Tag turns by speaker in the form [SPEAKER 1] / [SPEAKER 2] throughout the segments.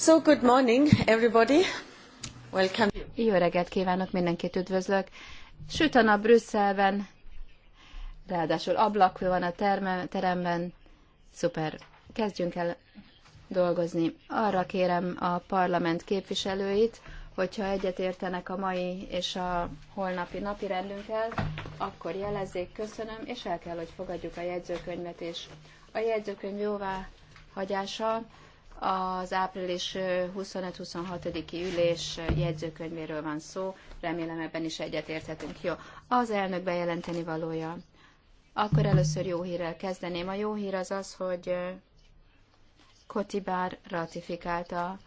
[SPEAKER 1] So good morning everybody. Welcome. Jó reggelt kívánok, mindenkit üdvözlök. Süt a nap Brüsszelben, ráadásul ablak van a terme, teremben. Szuper, kezdjünk el dolgozni. Arra kérem a parlament képviselőit, hogyha egyetértenek a mai és a holnapi napi rendünkkel, akkor jelezzék, köszönöm, és el kell, hogy fogadjuk a jegyzőkönyvet is. A jegyzőkönyv jóvá hagyása az április 25-26-i ülés jegyzőkönyvéről van szó, remélem ebben is egyetérthetünk. Jó, az elnök bejelenteni valója. Akkor először jó hírrel kezdeném. A jó hír az az, hogy Kotibár ratifikálta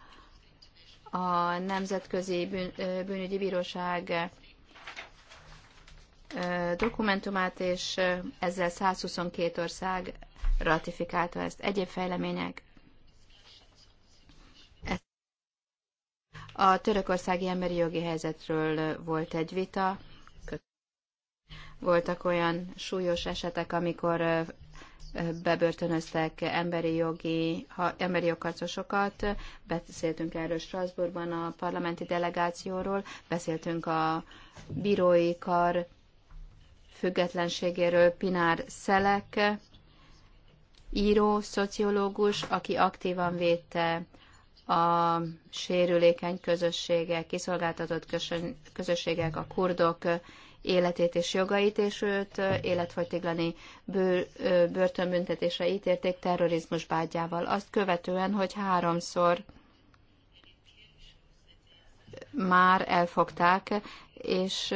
[SPEAKER 1] a Nemzetközi Bűn, Bűnügyi Bíróság dokumentumát, és ezzel 122 ország ratifikálta ezt. Egyéb fejlemények? A törökországi emberi jogi helyzetről volt egy vita, voltak olyan súlyos esetek, amikor bebörtönöztek emberi jogi, emberi jogharcosokat. Beszéltünk erről Strasbourgban a parlamenti delegációról, beszéltünk a bírói kar függetlenségéről Pinár Szelek, író, szociológus, aki aktívan védte a sérülékeny közösségek, kiszolgáltatott közösségek, a kurdok életét és jogait, és őt életfogytiglani bő, börtönbüntetésre ítélték terrorizmus bágyával. Azt követően, hogy háromszor már elfogták, és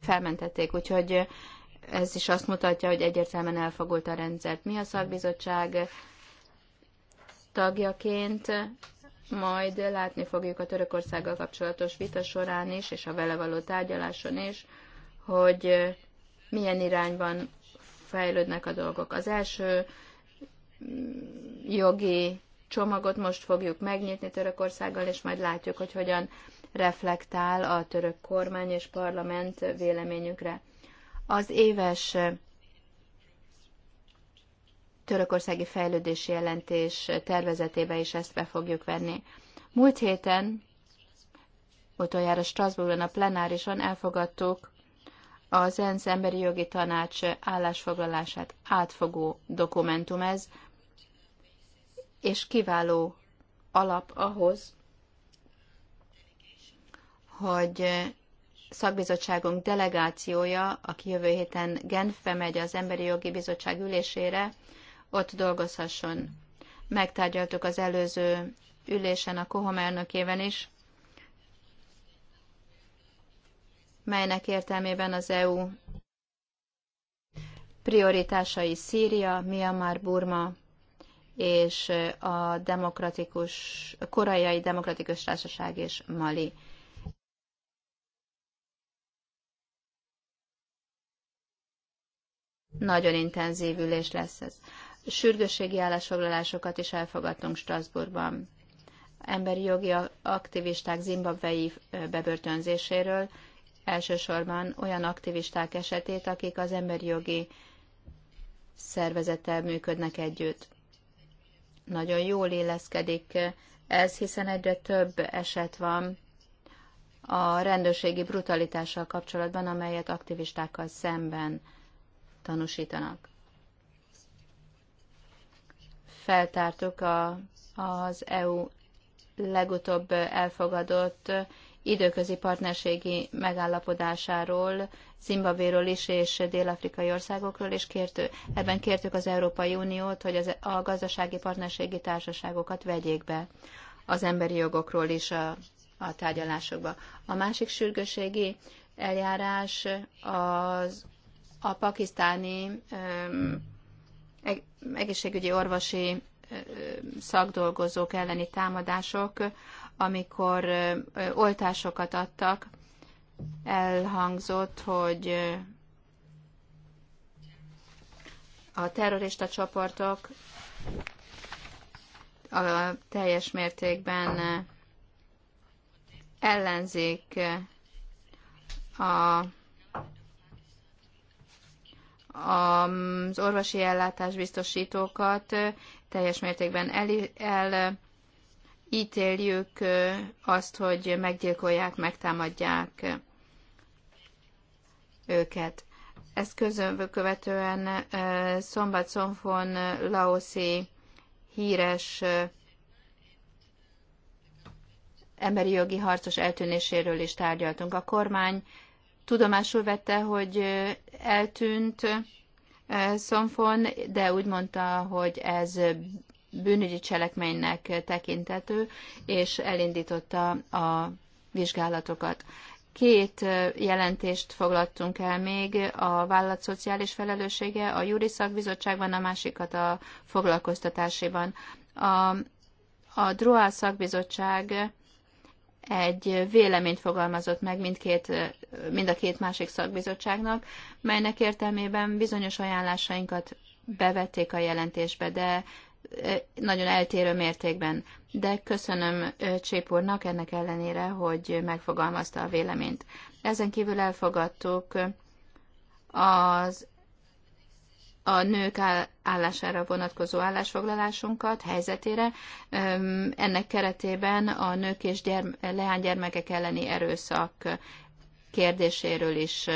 [SPEAKER 1] felmentették, úgyhogy ez is azt mutatja, hogy egyértelműen elfogult a rendszert. Mi a szakbizottság tagjaként majd látni fogjuk a Törökországgal kapcsolatos vita során is, és a vele való tárgyaláson is, hogy milyen irányban fejlődnek a dolgok. Az első mm, jogi csomagot most fogjuk megnyitni Törökországgal, és majd látjuk, hogy hogyan reflektál a török kormány és parlament véleményükre. Az éves törökországi fejlődési jelentés tervezetébe is ezt be fogjuk venni. Múlt héten, utoljára Strasbourgban a plenárison elfogadtuk az ENSZ Emberi Jogi Tanács állásfoglalását átfogó dokumentum ez, és kiváló alap ahhoz, hogy szakbizottságunk delegációja, aki jövő héten Genfbe megy az Emberi Jogi Bizottság ülésére, ott dolgozhasson. Megtárgyaltuk az előző ülésen a Kohom elnökében is, melynek értelmében az EU prioritásai Szíria, Myanmar, Burma és a demokratikus, koreai demokratikus társaság és Mali. Nagyon intenzív ülés lesz ez sürgősségi állásfoglalásokat is elfogadtunk Strasbourgban. Emberi jogi aktivisták zimbabvei bebörtönzéséről, elsősorban olyan aktivisták esetét, akik az emberi jogi szervezettel működnek együtt. Nagyon jól illeszkedik ez, hiszen egyre több eset van a rendőrségi brutalitással kapcsolatban, amelyet aktivistákkal szemben tanúsítanak feltártuk a, az EU legutóbb elfogadott időközi partnerségi megállapodásáról, Zimbabvéről is és dél-afrikai országokról, és kértő, ebben kértük az Európai Uniót, hogy az, a gazdasági partnerségi társaságokat vegyék be az emberi jogokról is a, a tárgyalásokba. A másik sürgőségi eljárás az a pakisztáni öm, egészségügyi orvosi szakdolgozók elleni támadások, amikor oltásokat adtak, elhangzott, hogy a terrorista csoportok a teljes mértékben ellenzik a az orvosi ellátás biztosítókat teljes mértékben el, el ítéljük azt, hogy meggyilkolják, megtámadják őket. Ezt közönvő követően Szombat Szonfon Laoszi híres emberi jogi harcos eltűnéséről is tárgyaltunk. A kormány tudomásul vette, hogy eltűnt Szomfon, de úgy mondta, hogy ez bűnügyi cselekménynek tekintető, és elindította a vizsgálatokat. Két jelentést foglaltunk el még, a vállalat szociális felelőssége a Júri Szakbizottságban, a másikat a foglalkoztatásiban. A, a DROA szakbizottság egy véleményt fogalmazott meg mindkét, mind a két másik szakbizottságnak, melynek értelmében bizonyos ajánlásainkat bevették a jelentésbe, de e, nagyon eltérő mértékben. De köszönöm e, Csép úrnak ennek ellenére, hogy megfogalmazta a véleményt. Ezen kívül elfogadtuk az a nők állására vonatkozó állásfoglalásunkat, helyzetére. Ennek keretében a nők és gyerme, leánygyermekek elleni erőszak kérdéséről is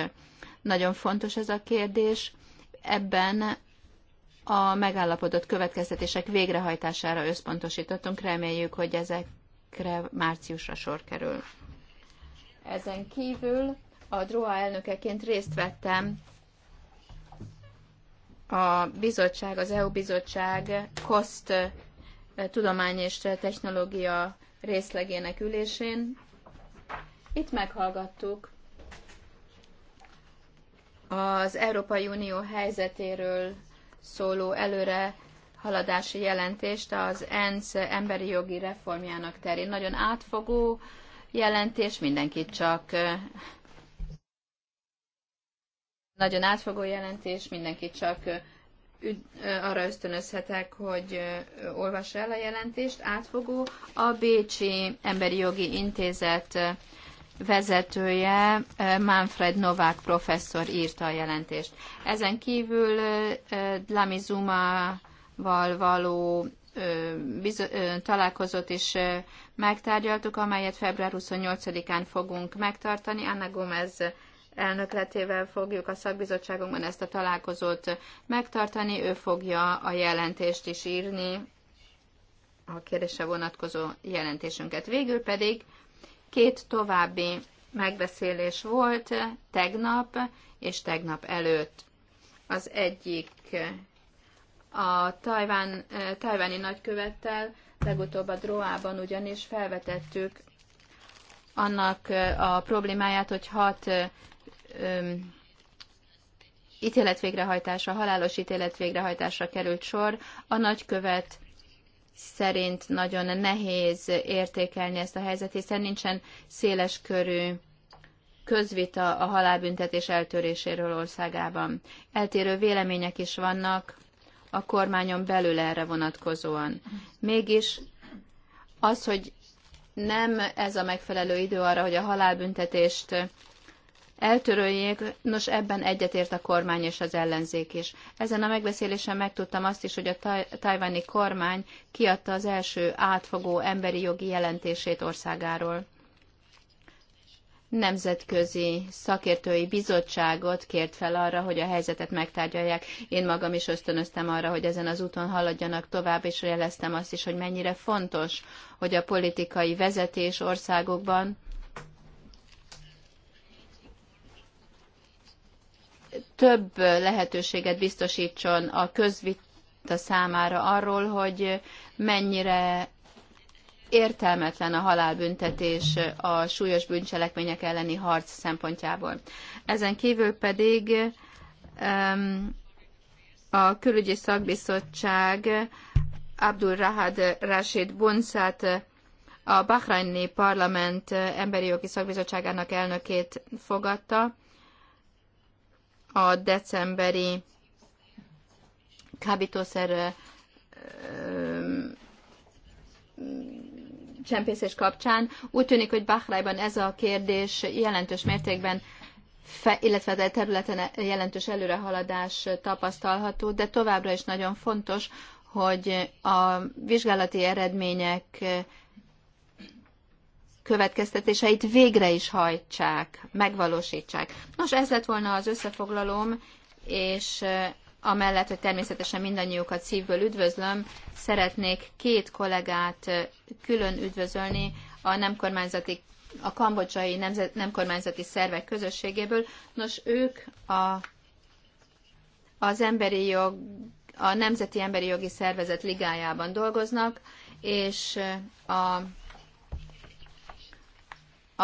[SPEAKER 1] nagyon fontos ez a kérdés. Ebben a megállapodott következtetések végrehajtására összpontosítottunk, reméljük, hogy ezekre márciusra sor kerül. Ezen kívül a DROA elnökeként részt vettem a bizottság, az EU bizottság COST eh, tudomány és technológia részlegének ülésén. Itt meghallgattuk az Európai Unió helyzetéről szóló előre haladási jelentést az ENSZ emberi jogi reformjának terén. Nagyon átfogó jelentés, mindenkit csak eh, nagyon átfogó jelentés, mindenkit csak arra ösztönözhetek, hogy olvassa el a jelentést. Átfogó a Bécsi Emberi Jogi Intézet vezetője Manfred Novák professzor írta a jelentést. Ezen kívül Dlami Zuma-val való találkozót is megtárgyaltuk, amelyet február 28-án fogunk megtartani. Anna Gomez elnökletével fogjuk a szakbizottságunkban ezt a találkozót megtartani. Ő fogja a jelentést is írni, a kérdésre vonatkozó jelentésünket. Végül pedig két további megbeszélés volt tegnap és tegnap előtt. Az egyik a tajván, tajváni nagykövettel, legutóbb a Droában ugyanis felvetettük annak a problémáját, hogy hat ítélet végrehajtása, halálos ítélet végrehajtásra került sor, a nagykövet szerint nagyon nehéz értékelni ezt a helyzetet, hiszen nincsen széles körű közvita a halálbüntetés eltöréséről országában. Eltérő vélemények is vannak a kormányon belül erre vonatkozóan. Mégis az, hogy nem ez a megfelelő idő arra, hogy a halálbüntetést eltöröljék, nos ebben egyetért a kormány és az ellenzék is. Ezen a megbeszélésen megtudtam azt is, hogy a tajvani kormány kiadta az első átfogó emberi jogi jelentését országáról. Nemzetközi szakértői bizottságot kért fel arra, hogy a helyzetet megtárgyalják. Én magam is ösztönöztem arra, hogy ezen az úton haladjanak tovább, és jeleztem azt is, hogy mennyire fontos, hogy a politikai vezetés országokban több lehetőséget biztosítson a közvita számára arról, hogy mennyire értelmetlen a halálbüntetés a súlyos bűncselekmények elleni harc szempontjából. Ezen kívül pedig a külügyi szakbizottság Abdul Rahad Rashid Bunszát, a Bahraini Parlament Emberi Jogi Szakbizottságának elnökét fogadta, a decemberi kábítószer csempészés kapcsán. Úgy tűnik, hogy Bahrajban ez a kérdés jelentős mértékben fe, illetve a területen jelentős előrehaladás tapasztalható, de továbbra is nagyon fontos, hogy a vizsgálati eredmények következtetéseit végre is hajtsák, megvalósítsák. Nos, ez lett volna az összefoglalóm, és eh, amellett, hogy természetesen mindannyiukat szívből üdvözlöm, szeretnék két kollégát eh, külön üdvözölni a nem kormányzati a kambodzsai nemzet, nem kormányzati szervek közösségéből. Nos, ők a, az emberi jog, a Nemzeti Emberi Jogi Szervezet ligájában dolgoznak, és eh, a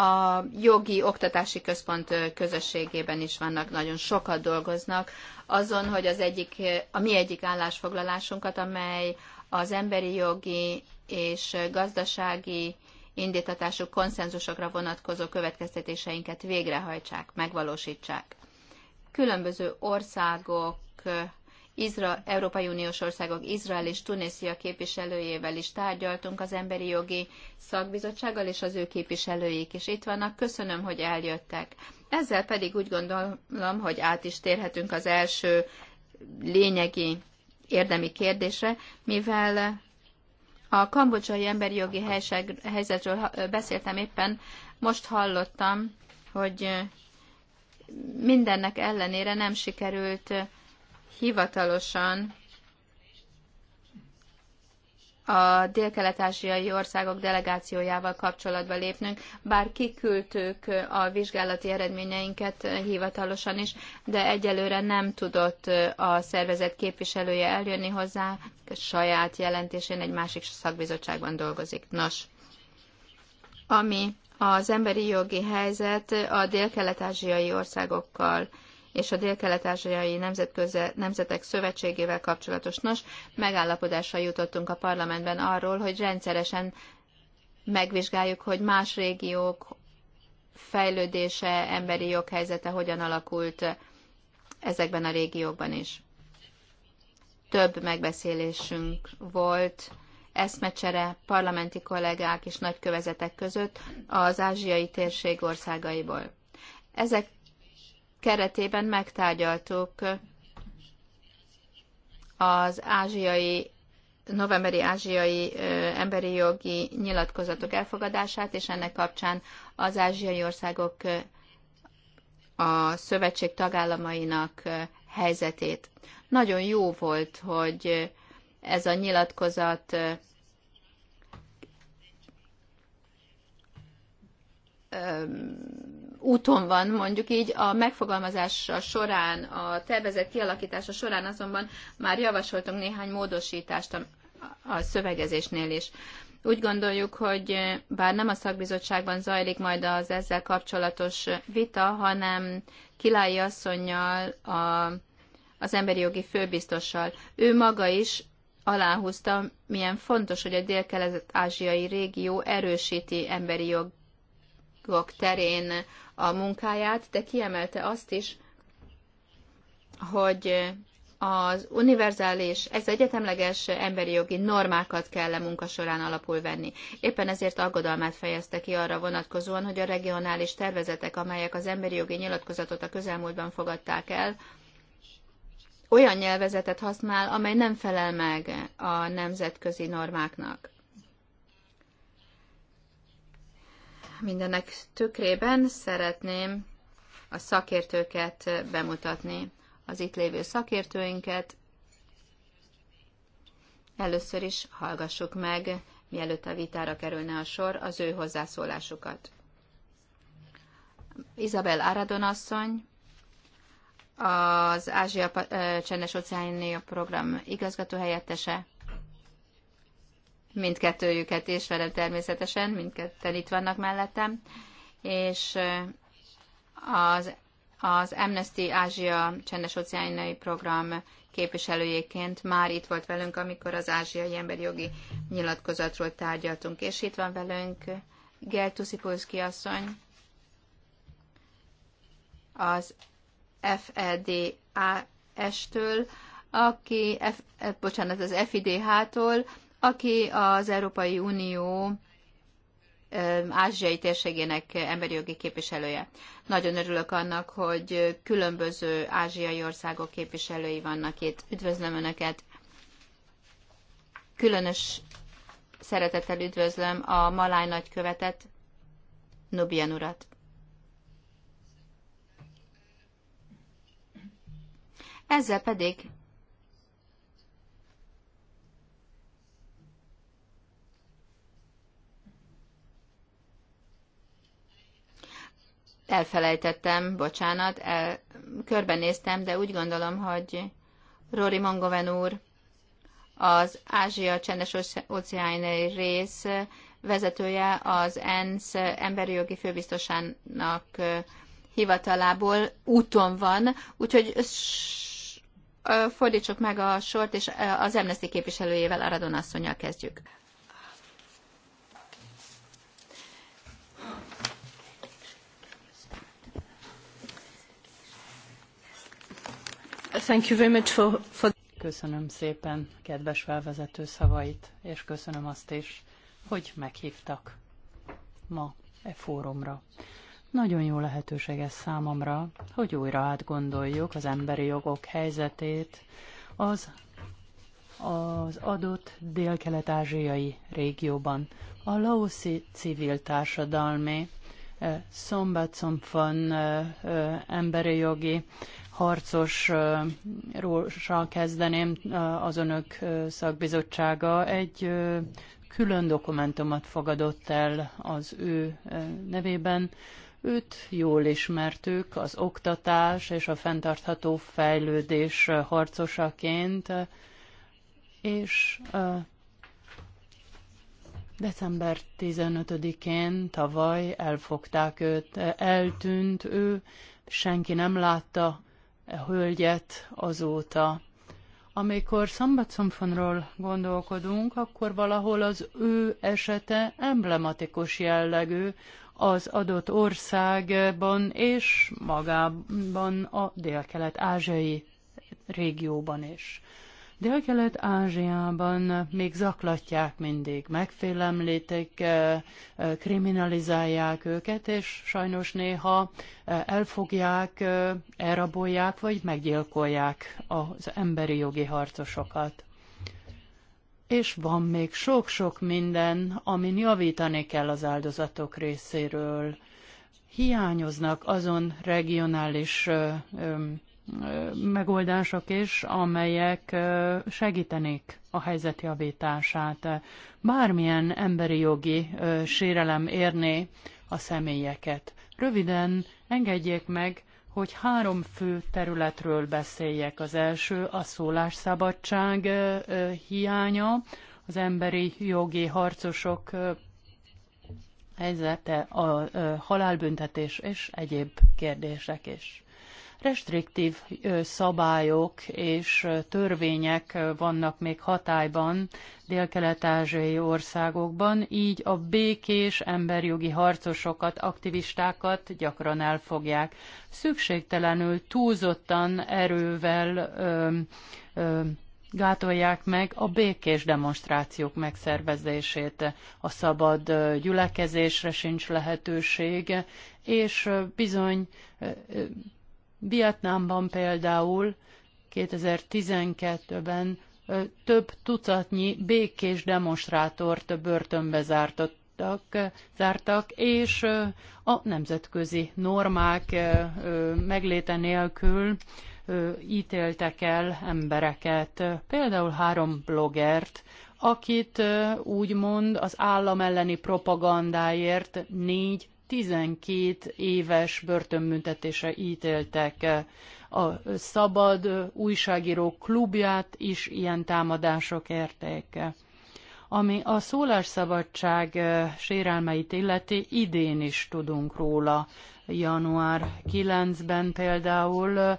[SPEAKER 1] a jogi oktatási központ közösségében is vannak, nagyon sokat dolgoznak azon, hogy az egyik, a mi egyik állásfoglalásunkat, amely az emberi jogi és gazdasági indítatású konszenzusokra vonatkozó következtetéseinket végrehajtsák, megvalósítsák. Különböző országok Izra, Európai Uniós országok Izrael és Tunézia képviselőjével is tárgyaltunk az Emberi Jogi Szakbizottsággal és az ő képviselőjék is itt vannak. Köszönöm, hogy eljöttek. Ezzel pedig úgy gondolom, hogy át is térhetünk az első lényegi érdemi kérdésre, mivel a kambodzsai emberi jogi helység, helyzetről beszéltem éppen, most hallottam, hogy mindennek ellenére nem sikerült hivatalosan a dél-kelet-ázsiai országok delegációjával kapcsolatba lépnünk, bár kiküldtük a vizsgálati eredményeinket hivatalosan is, de egyelőre nem tudott a szervezet képviselője eljönni hozzá, saját jelentésén egy másik szakbizottságban dolgozik. Nos, ami az emberi jogi helyzet a dél-kelet-ázsiai országokkal és a Dél-Kelet-Ázsiai Nemzetek Szövetségével kapcsolatos nos megállapodásra jutottunk a parlamentben arról, hogy rendszeresen megvizsgáljuk, hogy más régiók fejlődése, emberi joghelyzete hogyan alakult ezekben a régiókban is. Több megbeszélésünk volt, eszmecsere parlamenti kollégák és nagykövezetek között az ázsiai térség országaiból. Ezek keretében megtárgyaltuk az ázsiai novemberi ázsiai emberi jogi nyilatkozatok elfogadását, és ennek kapcsán az ázsiai országok a szövetség tagállamainak helyzetét. Nagyon jó volt, hogy ez a nyilatkozat úton van, mondjuk így, a megfogalmazása során, a tervezet kialakítása során azonban már javasoltunk néhány módosítást a, a szövegezésnél is. Úgy gondoljuk, hogy bár nem a szakbizottságban zajlik majd az ezzel kapcsolatos vita, hanem Kilái asszonynal, a, az emberi jogi főbiztossal. Ő maga is aláhúzta, milyen fontos, hogy a dél-kelet-ázsiai régió erősíti emberi jog jogok terén a munkáját, de kiemelte azt is, hogy az univerzális, ez egyetemleges emberi jogi normákat kell a munka során alapul venni. Éppen ezért aggodalmát fejezte ki arra vonatkozóan, hogy a regionális tervezetek, amelyek az emberi jogi nyilatkozatot a közelmúltban fogadták el, olyan nyelvezetet használ, amely nem felel meg a nemzetközi normáknak. mindennek tükrében szeretném a szakértőket bemutatni, az itt lévő szakértőinket. Először is hallgassuk meg, mielőtt a vitára kerülne a sor, az ő hozzászólásukat. Isabel Aradon asszony, az Ázsia Csendes Óceánia Program igazgatóhelyettese, mindkettőjüket és velem természetesen, mindketten itt vannak mellettem, és eh, az, az Amnesty Ázsia csendes óceánai program képviselőjéként már itt volt velünk, amikor az ázsiai emberi jogi nyilatkozatról tárgyaltunk. És itt van velünk Gertuszikulszki asszony, az FEDAS-től, aki, F, eh, bocsánat, az FIDH-tól, aki az Európai Unió ázsiai térségének emberi jogi képviselője. Nagyon örülök annak, hogy különböző ázsiai országok képviselői vannak itt. Üdvözlöm Önöket! Különös szeretettel üdvözlöm a Maláj nagykövetet, Nubian urat. Ezzel pedig elfelejtettem, bocsánat, el, körbenéztem, de úgy gondolom, hogy Rory Mongoven úr az Ázsia csendes óceáni rész vezetője az ENSZ emberi jogi főbiztosának hivatalából úton van, úgyhogy fordítsuk meg a sort, és az Amnesty képviselőjével, Aradon asszonyjal kezdjük.
[SPEAKER 2] Thank you very much for, for... Köszönöm szépen kedves felvezető szavait, és köszönöm azt is, hogy meghívtak ma e fórumra. Nagyon jó lehetőség ez számomra, hogy újra átgondoljuk az emberi jogok helyzetét az, az adott dél-kelet-ázsiai régióban. A laoszi civil társadalmi van eh, eh, eh, emberi jogi harcosról kezdeném. Az önök szakbizottsága egy külön dokumentumot fogadott el az ő nevében. Őt jól ismertük az oktatás és a fenntartható fejlődés harcosaként, és December 15-én tavaly elfogták őt, eltűnt ő, senki nem látta, hölgyet azóta. Amikor Szambatszomfonról gondolkodunk, akkor valahol az ő esete emblematikus jellegű az adott országban és magában a délkelet-ázsiai régióban is. Dél-Kelet-Ázsiában még zaklatják mindig, megfélemlítik, eh, eh, kriminalizálják őket, és sajnos néha eh, elfogják, elrabolják, vagy meggyilkolják az emberi jogi harcosokat. És van még sok-sok minden, amin javítani kell az áldozatok részéről. Hiányoznak azon regionális ö, ö, megoldások is, amelyek segítenék a helyzet javítását. Bármilyen emberi jogi sérelem érné a személyeket. Röviden engedjék meg, hogy három fő területről beszéljek. Az első a szólásszabadság hiánya, az emberi jogi harcosok helyzete, a halálbüntetés és egyéb kérdések is restriktív szabályok és törvények vannak még hatályban dél-kelet-ázsiai országokban, így a békés emberjogi harcosokat, aktivistákat gyakran elfogják. Szükségtelenül túlzottan erővel ö, ö, gátolják meg a békés demonstrációk megszervezését, a szabad gyülekezésre sincs lehetőség, és bizony Vietnámban például 2012-ben több tucatnyi békés demonstrátort börtönbe zártottak, zártak, és a nemzetközi normák megléte nélkül ítéltek el embereket, például három blogert, akit úgymond az állam elleni propagandáért négy 12 éves börtönbüntetése ítéltek. A szabad újságíró klubját is ilyen támadások érték. Ami a szólásszabadság sérelmeit illeti, idén is tudunk róla. Január 9-ben például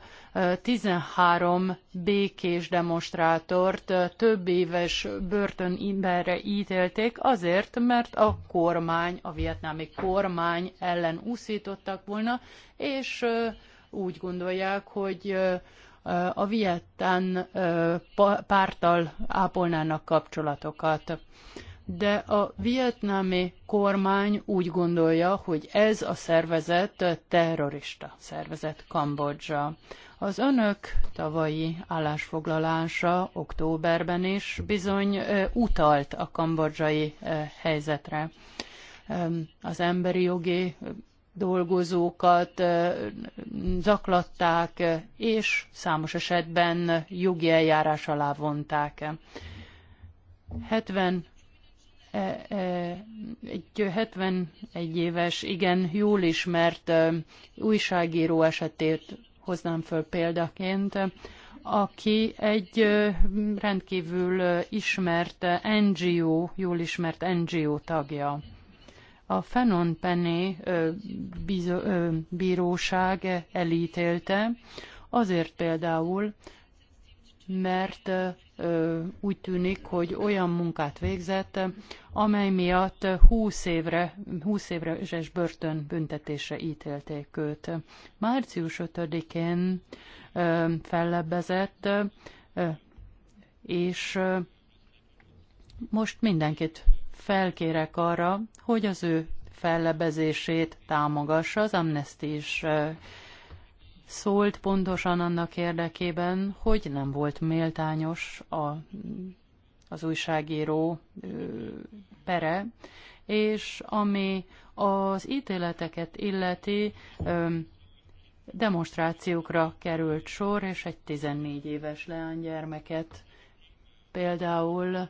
[SPEAKER 2] 13 békés demonstrátort több éves börtönimberre ítélték azért, mert a kormány, a vietnámi kormány ellen úszítottak volna, és úgy gondolják, hogy a Viettán pártal ápolnának kapcsolatokat. De a vietnámi kormány úgy gondolja, hogy ez a szervezet terrorista szervezet Kambodzsa. Az önök tavalyi állásfoglalása októberben is bizony utalt a kambodzsai helyzetre az emberi jogi dolgozókat zaklatták, és számos esetben jogi eljárás alá vonták. 70 e, e, egy 71 éves, igen, jól ismert újságíró esetét hoznám föl példaként, aki egy rendkívül ismert NGO, jól ismert NGO tagja. A Fenon Penny bíróság elítélte, azért például, mert úgy tűnik, hogy olyan munkát végzett, amely miatt 20 évre, 20 évre börtön büntetésre ítélték őt. Március 5-én fellebbezett, és most mindenkit felkérek arra, hogy az ő fellebezését támogassa. Az Amnesty is szólt pontosan annak érdekében, hogy nem volt méltányos a, az újságíró pere, és ami az ítéleteket illeti, demonstrációkra került sor, és egy 14 éves leánygyermeket például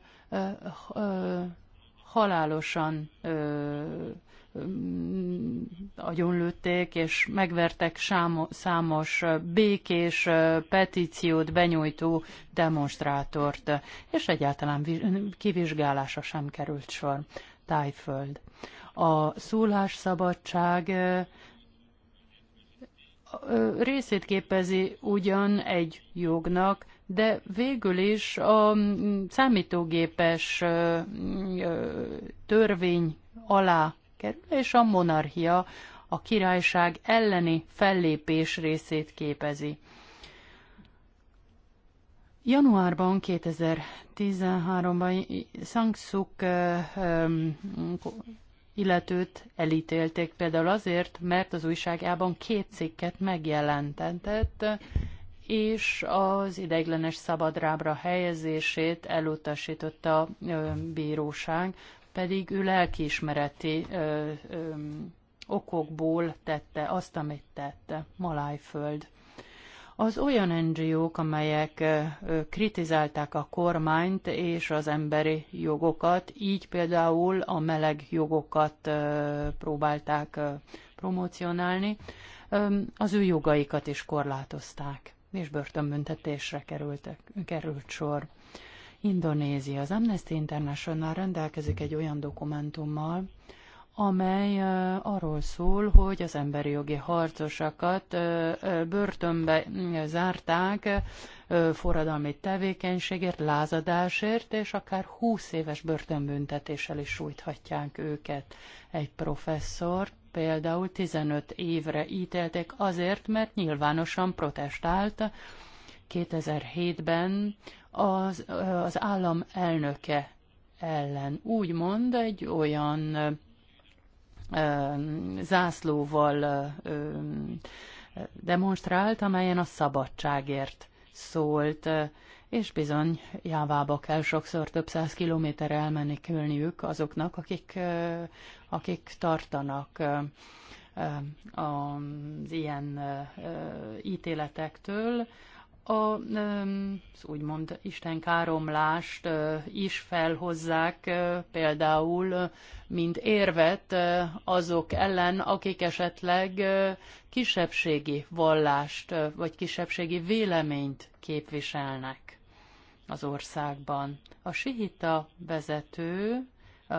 [SPEAKER 2] halálosan ö, mm, agyonlőtték, és megvertek sámo, számos békés petíciót benyújtó demonstrátort, és egyáltalán kivizsgálása sem került sor. Tájföld. A szólásszabadság részét képezi ugyan egy jognak, de végül is a mm, számítógépes törvény alá kerül, és a monarchia a királyság elleni fellépés részét képezi. Januárban 2013-ban Szangsuk illetőt elítélték például azért, mert az újságában két cikket megjelentett, és az ideiglenes szabadrábra helyezését elutasította a bíróság, pedig ő lelkiismereti ö, ö, okokból tette azt, amit tette, Malájföld. Az olyan NGO-k, amelyek kritizálták a kormányt és az emberi jogokat, így például a meleg jogokat próbálták promocionálni, az ő jogaikat is korlátozták és börtönbüntetésre kerültek, került sor. Indonézia. Az Amnesty International rendelkezik egy olyan dokumentummal, amely arról szól, hogy az emberi jogi harcosokat börtönbe zárták forradalmi tevékenységért, lázadásért, és akár 20 éves börtönbüntetéssel is sújthatják őket. Egy professzor például 15 évre ítélték azért, mert nyilvánosan protestált 2007-ben az, az állam elnöke ellen. Úgymond egy olyan ö, zászlóval ö, demonstrált, amelyen a szabadságért szólt és bizony Jávába kell sokszor több száz kilométerre elmenni külniük azoknak, akik, akik tartanak az ilyen ítéletektől, az úgymond Isten káromlást is felhozzák például, mint érvet azok ellen, akik esetleg kisebbségi vallást vagy kisebbségi véleményt képviselnek az országban. A sihita vezető a,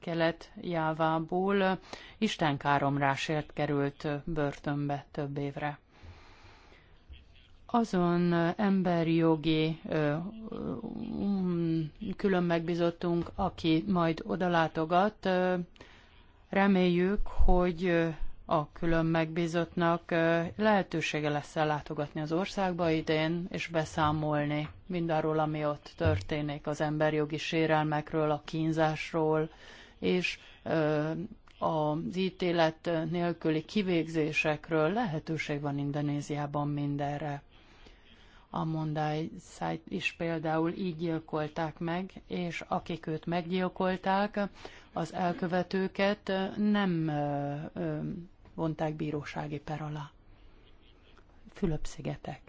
[SPEAKER 2] kelet Jávából istenkáromrásért került börtönbe több évre. Azon emberi jogi um, külön megbizottunk, aki majd odalátogat, reméljük, hogy a külön megbízottnak lehetősége lesz ellátogatni az országba idén, és beszámolni mindarról, ami ott történik, az emberjogi sérelmekről, a kínzásról, és az ítélet nélküli kivégzésekről lehetőség van Indonéziában mindenre. A Szájt is például így gyilkolták meg, és akik őt meggyilkolták, az elkövetőket nem vonták bírósági per alá. Fülöp-szigetek.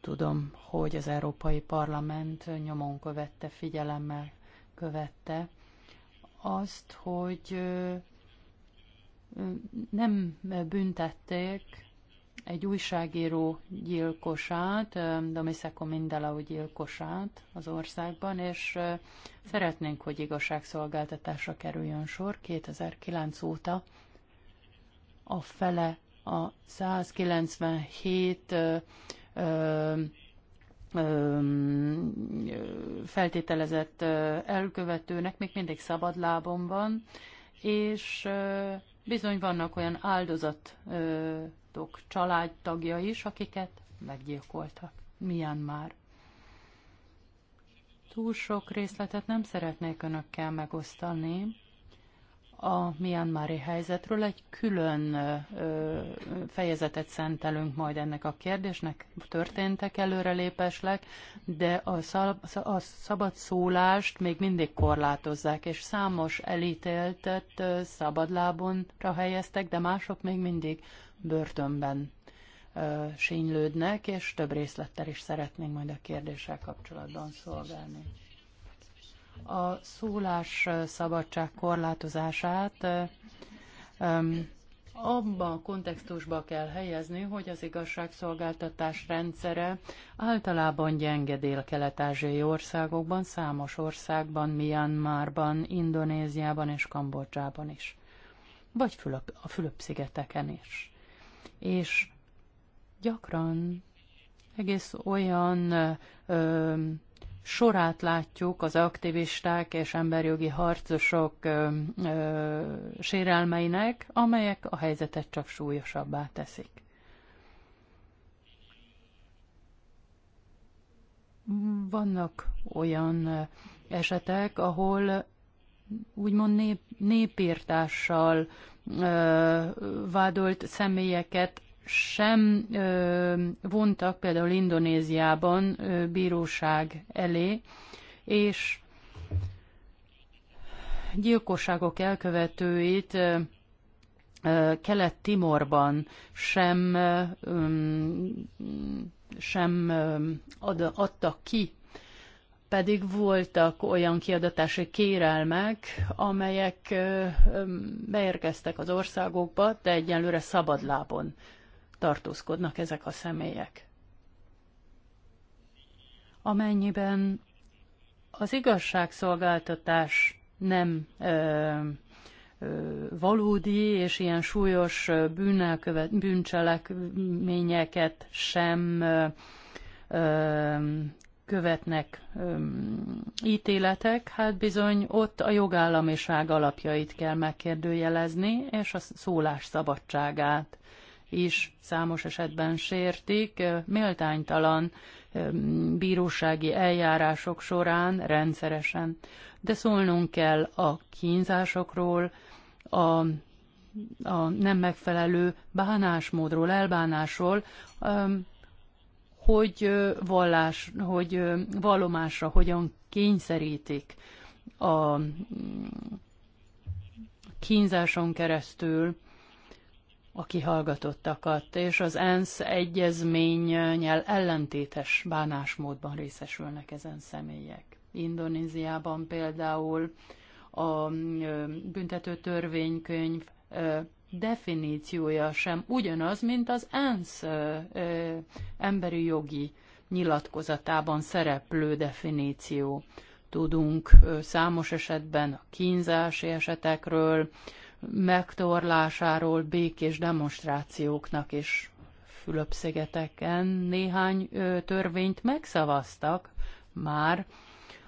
[SPEAKER 2] Tudom, hogy az Európai Parlament nyomon követte, figyelemmel követte azt, hogy nem büntették egy újságíró gyilkosát, Domiseko Mindelau gyilkosát az országban, és szeretnénk, hogy igazságszolgáltatásra kerüljön sor 2009 óta a fele a 197 ö, ö, ö, feltételezett elkövetőnek még mindig szabad lábon van, és bizony vannak olyan áldozatok, családtagja is, akiket meggyilkoltak. Milyen már? Túl sok részletet nem szeretnék önökkel megosztani, a Myanmari helyzetről. Egy külön fejezetet szentelünk majd ennek a kérdésnek. Történtek előrelépeslek, de a, a szabad szólást még mindig korlátozzák, és számos elítéltet szabadlábonra helyeztek, de mások még mindig börtönben sínylődnek, és több részlettel is szeretnénk majd a kérdéssel kapcsolatban szolgálni a szólás szabadság korlátozását abban a kontextusba kell helyezni, hogy az igazságszolgáltatás rendszere általában gyenge dél-kelet-ázsiai országokban, számos országban, Myanmarban, Indonéziában és Kambodzsában is, vagy Fülöp, a Fülöp-szigeteken is. És gyakran egész olyan ö, sorát látjuk az aktivisták és emberjogi harcosok ö, ö, sérelmeinek, amelyek a helyzetet csak súlyosabbá teszik. Vannak olyan esetek, ahol úgymond nép, népírtással ö, vádolt személyeket sem ö, vontak például Indonéziában ö, bíróság elé, és gyilkosságok elkövetőit Kelet-Timorban sem, sem ad, adtak ki, pedig voltak olyan kiadatási kérelmek, amelyek beérkeztek az országokba, de egyelőre szabadlábon tartózkodnak ezek a személyek. Amennyiben az igazságszolgáltatás nem ö, valódi és ilyen súlyos követ, bűncselekményeket sem ö, ö, követnek ö, ítéletek, hát bizony ott a jogállamiság alapjait kell megkérdőjelezni, és a szólás szabadságát is számos esetben sértik, méltánytalan bírósági eljárások során rendszeresen. De szólnunk kell a kínzásokról, a a nem megfelelő bánásmódról, elbánásról, hogy vallás, hogy vallomásra hogyan kényszerítik a mm, kínzáson keresztül a kihallgatottakat, és az ENSZ egyezménnyel ellentétes bánásmódban részesülnek ezen személyek. Indonéziában például a büntető törvénykönyv definíciója sem ugyanaz, mint az ENSZ emberi jogi nyilatkozatában szereplő definíció. Tudunk számos esetben a kínzási esetekről, megtorlásáról békés demonstrációknak is Fülöpszigeteken néhány törvényt megszavaztak már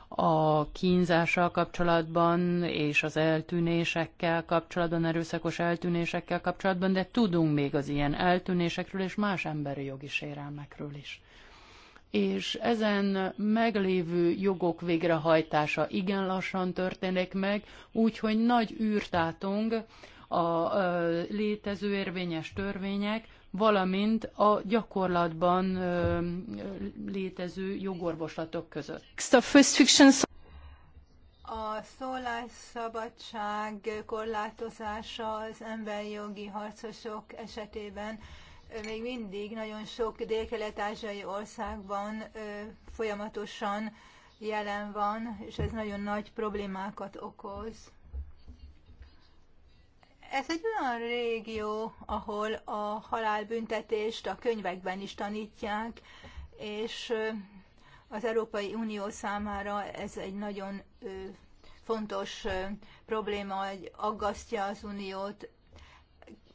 [SPEAKER 2] a kínzással kapcsolatban és az eltűnésekkel kapcsolatban, erőszakos eltűnésekkel kapcsolatban, de tudunk még az ilyen eltűnésekről és más emberi jogi sérelmekről is és ezen meglévő jogok végrehajtása igen lassan történik meg, úgyhogy nagy űrtátong a létező érvényes törvények, valamint a gyakorlatban létező jogorvoslatok között.
[SPEAKER 3] A szólásszabadság korlátozása az emberi jogi harcosok esetében még mindig nagyon sok dél-kelet-ázsiai országban folyamatosan jelen van, és ez nagyon nagy problémákat okoz. Ez egy olyan régió, ahol a halálbüntetést a könyvekben is tanítják, és az Európai Unió számára ez egy nagyon fontos probléma, aggasztja az Uniót.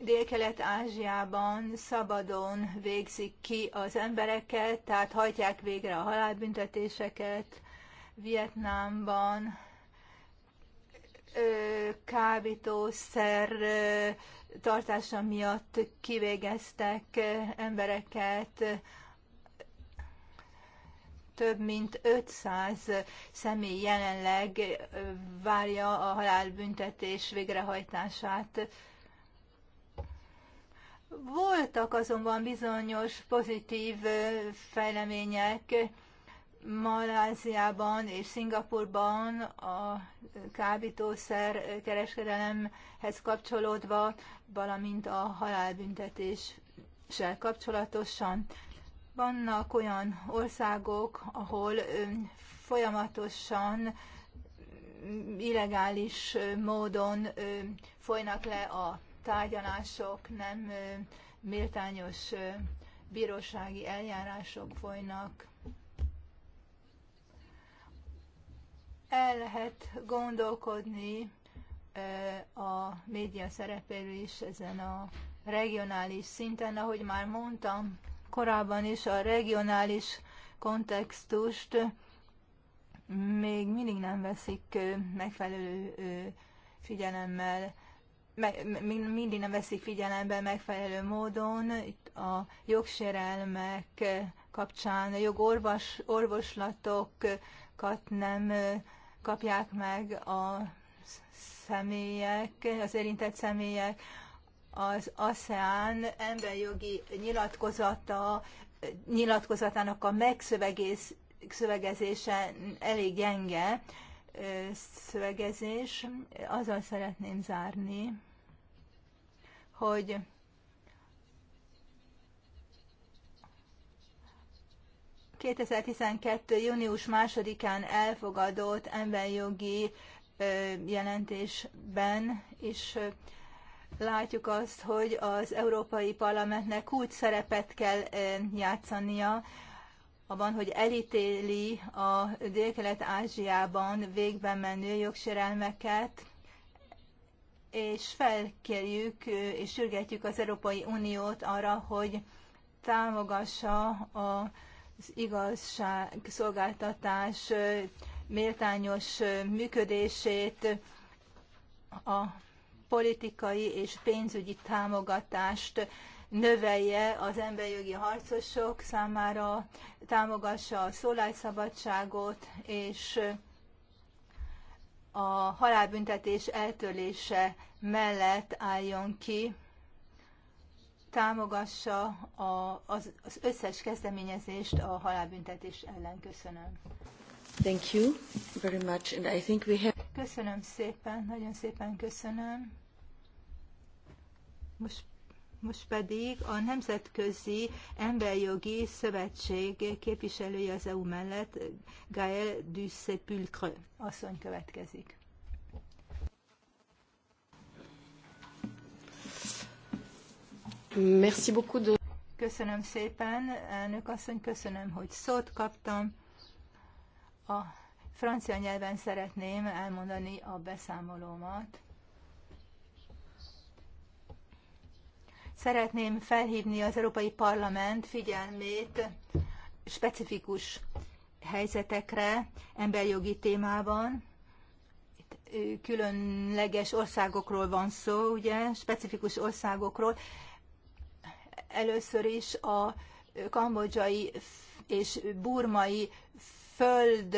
[SPEAKER 3] Dél-Kelet-Ázsiában szabadon végzik ki az embereket, tehát hajtják végre a halálbüntetéseket, Vietnámban kábítószer tartása miatt kivégeztek embereket, több mint 500 személy jelenleg várja a halálbüntetés végrehajtását voltak azonban bizonyos pozitív fejlemények Maláziában és Szingapurban a kábítószer kereskedelemhez kapcsolódva, valamint a halálbüntetéssel kapcsolatosan. Vannak olyan országok, ahol folyamatosan illegális módon folynak le a tárgyalások, nem méltányos bírósági eljárások folynak. El lehet gondolkodni a média szerepéről is ezen a regionális szinten, ahogy már mondtam korábban is, a regionális kontextust még mindig nem veszik megfelelő figyelemmel mindig nem veszik figyelembe megfelelő módon Itt a jogsérelmek kapcsán, a jogorvoslatokat nem kapják meg a személyek, az érintett személyek, az ASEAN emberjogi nyilatkozata, nyilatkozatának a megszövegezése elég gyenge, szövegezés. Azzal szeretném zárni, hogy ...2012. június másodikán elfogadott emberjogi jelentésben is látjuk azt, hogy az Európai Parlamentnek úgy szerepet kell játszania, abban, hogy elítéli a Dél-Kelet-Ázsiában végben menő jogsérelmeket, és felkérjük és sürgetjük az Európai Uniót arra, hogy támogassa az igazságszolgáltatás méltányos működését, a politikai és pénzügyi támogatást növelje az emberjogi harcosok számára, támogassa a szólásszabadságot, és a halálbüntetés eltörlése mellett álljon ki, támogassa a, az, az összes kezdeményezést a halálbüntetés ellen. Köszönöm. Thank you very much, and I think we have... Köszönöm szépen, nagyon szépen köszönöm. Most most pedig a Nemzetközi Emberjogi Szövetség képviselője az EU mellett, Gael du Sepulcre asszony következik. Merci beaucoup de... Köszönöm szépen, elnök asszony, köszönöm, hogy szót kaptam. A francia nyelven szeretném elmondani a beszámolómat. Szeretném felhívni az Európai Parlament figyelmét specifikus helyzetekre emberjogi témában. Itt különleges országokról van szó, ugye, specifikus országokról. Először is a kambodzsai és burmai föld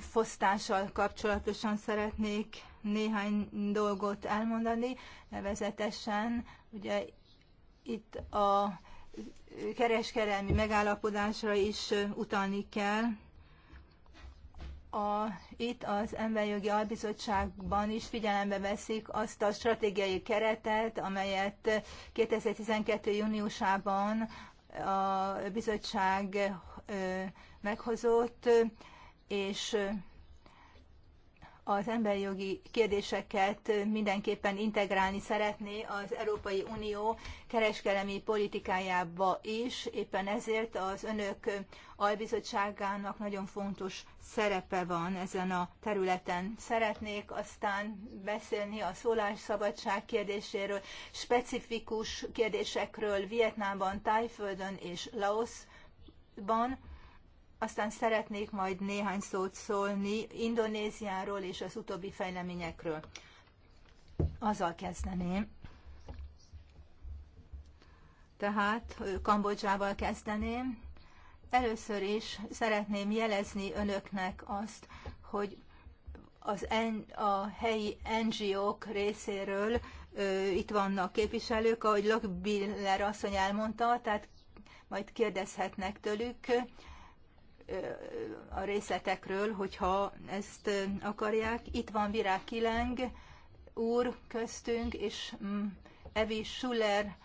[SPEAKER 3] fosztással kapcsolatosan szeretnék néhány dolgot elmondani, nevezetesen ugye itt a kereskedelmi megállapodásra is utalni kell. A, itt az Emberjogi Albizottságban is figyelembe veszik azt a stratégiai keretet, amelyet 2012. júniusában a bizottság meghozott, és az emberi jogi kérdéseket mindenképpen integrálni szeretné az Európai Unió kereskedelmi politikájába is, éppen ezért az önök albizottságának nagyon fontos szerepe van ezen a területen. Szeretnék aztán beszélni a szólásszabadság kérdéséről, specifikus kérdésekről Vietnámban, Tájföldön és Laoszban aztán szeretnék majd néhány szót szólni Indonéziáról és az utóbbi fejleményekről. Azzal kezdeném. Tehát Kambodzsával kezdeném. Először is szeretném jelezni önöknek azt, hogy az en, a helyi NGO-k részéről ö, itt vannak képviselők, ahogy Lockbiller asszony elmondta, tehát majd kérdezhetnek tőlük a részletekről, hogyha ezt akarják. Itt van Virág Kileng úr köztünk, és mm, Evi Schuller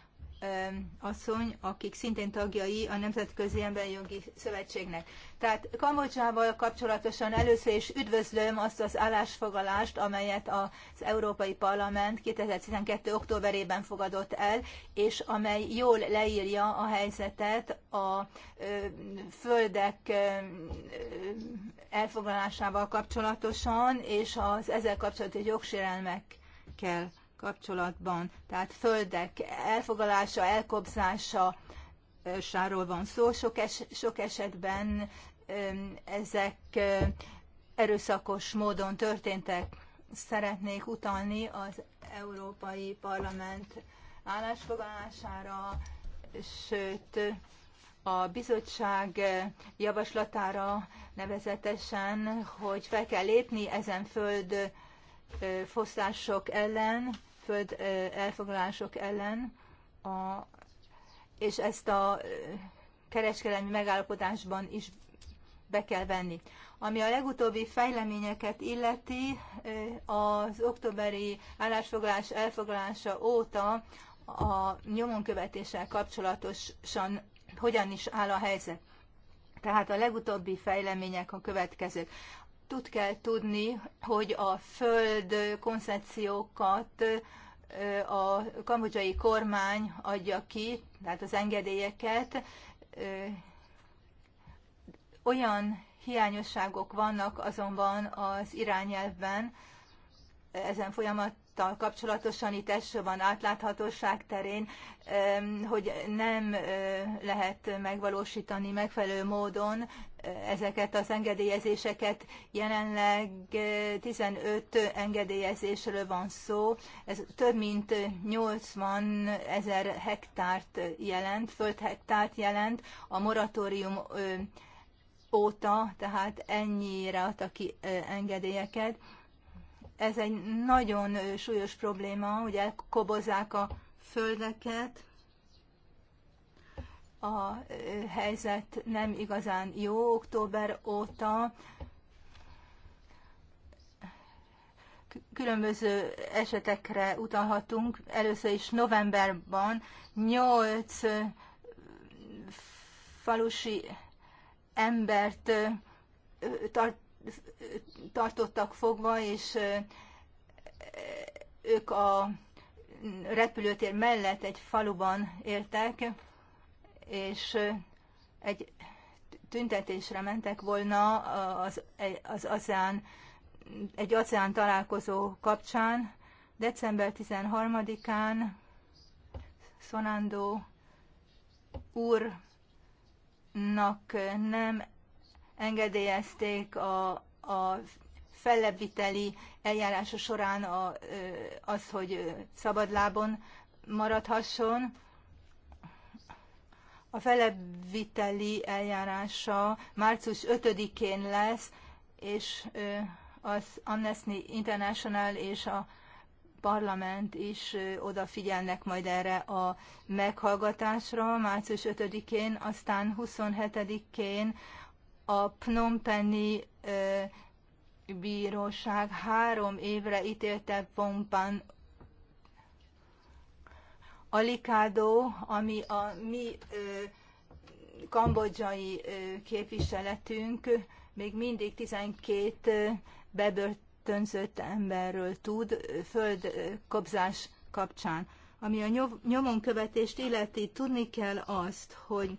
[SPEAKER 3] asszony, akik szintén tagjai a Nemzetközi Emberi Jogi Szövetségnek. Tehát Kambodzsával kapcsolatosan először is üdvözlöm azt az állásfogalást, amelyet az Európai Parlament 2012. októberében fogadott el, és amely jól leírja a helyzetet a földek elfoglalásával kapcsolatosan, és az ezzel kapcsolatos jogsérelmekkel kapcsolatban. Tehát földek elfoglalása, elkobzása, sáról van szó. Sok, es, sok esetben ezek erőszakos módon történtek. Szeretnék utalni az Európai Parlament állásfoglalására, sőt a bizottság javaslatára nevezetesen, hogy fel kell lépni ezen föld fosztások ellen, föld elfoglalások ellen, a, és ezt a kereskedelmi megállapodásban is be kell venni. Ami a legutóbbi fejleményeket illeti, az októberi állásfoglalás elfoglalása óta a nyomonkövetéssel kapcsolatosan hogyan is áll a helyzet. Tehát a legutóbbi fejlemények a következők tud kell tudni, hogy a föld koncepciókat a kambodzsai kormány adja ki, tehát az engedélyeket. Olyan hiányosságok vannak azonban az irányelvben, ezen folyamat tal kapcsolatosan itt van átláthatóság terén, hogy nem lehet megvalósítani megfelelő módon ezeket az engedélyezéseket. Jelenleg 15 engedélyezésről van szó, ez több mint 80 ezer hektárt jelent, földhektárt jelent a moratórium óta, tehát ennyire adta ki engedélyeket ez egy nagyon súlyos probléma, ugye kobozzák a földeket, a helyzet nem igazán jó október óta. Különböző esetekre utalhatunk. Először is novemberban nyolc falusi embert tart, tartottak fogva, és ők a repülőtér mellett egy faluban éltek, és egy tüntetésre mentek volna az, az azán, egy azán találkozó kapcsán. December 13-án Szonándó úrnak nem engedélyezték a, a fellebbviteli eljárása során a, az, hogy szabadlábon maradhasson. A fellebbviteli eljárása március 5-én lesz, és az Amnesty International és a parlament is odafigyelnek majd erre a meghallgatásra március 5-én, aztán 27-én a Pnompeni bíróság három évre ítélte Pompan Alikádó, ami a mi ö, kambodzsai ö, képviseletünk még mindig 12 bebörtönzött emberről tud földkobzás kapcsán. Ami a nyomonkövetést illeti, tudni kell azt, hogy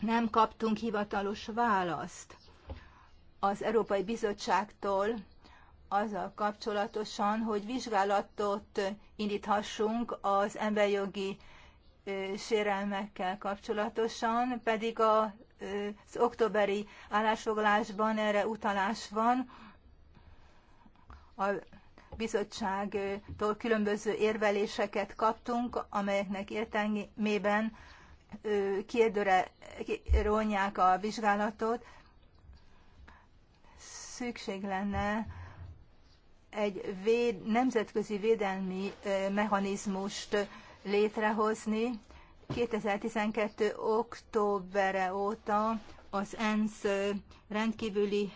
[SPEAKER 3] nem kaptunk hivatalos választ az Európai Bizottságtól azzal kapcsolatosan, hogy vizsgálatot indíthassunk az emberjogi sérelmekkel kapcsolatosan, pedig az októberi állásfoglalásban erre utalás van. A bizottságtól különböző érveléseket kaptunk, amelyeknek értelmében kérdőre rónják a vizsgálatot, szükség lenne egy véd, nemzetközi védelmi mechanizmust létrehozni. 2012. októbere óta az ENSZ rendkívüli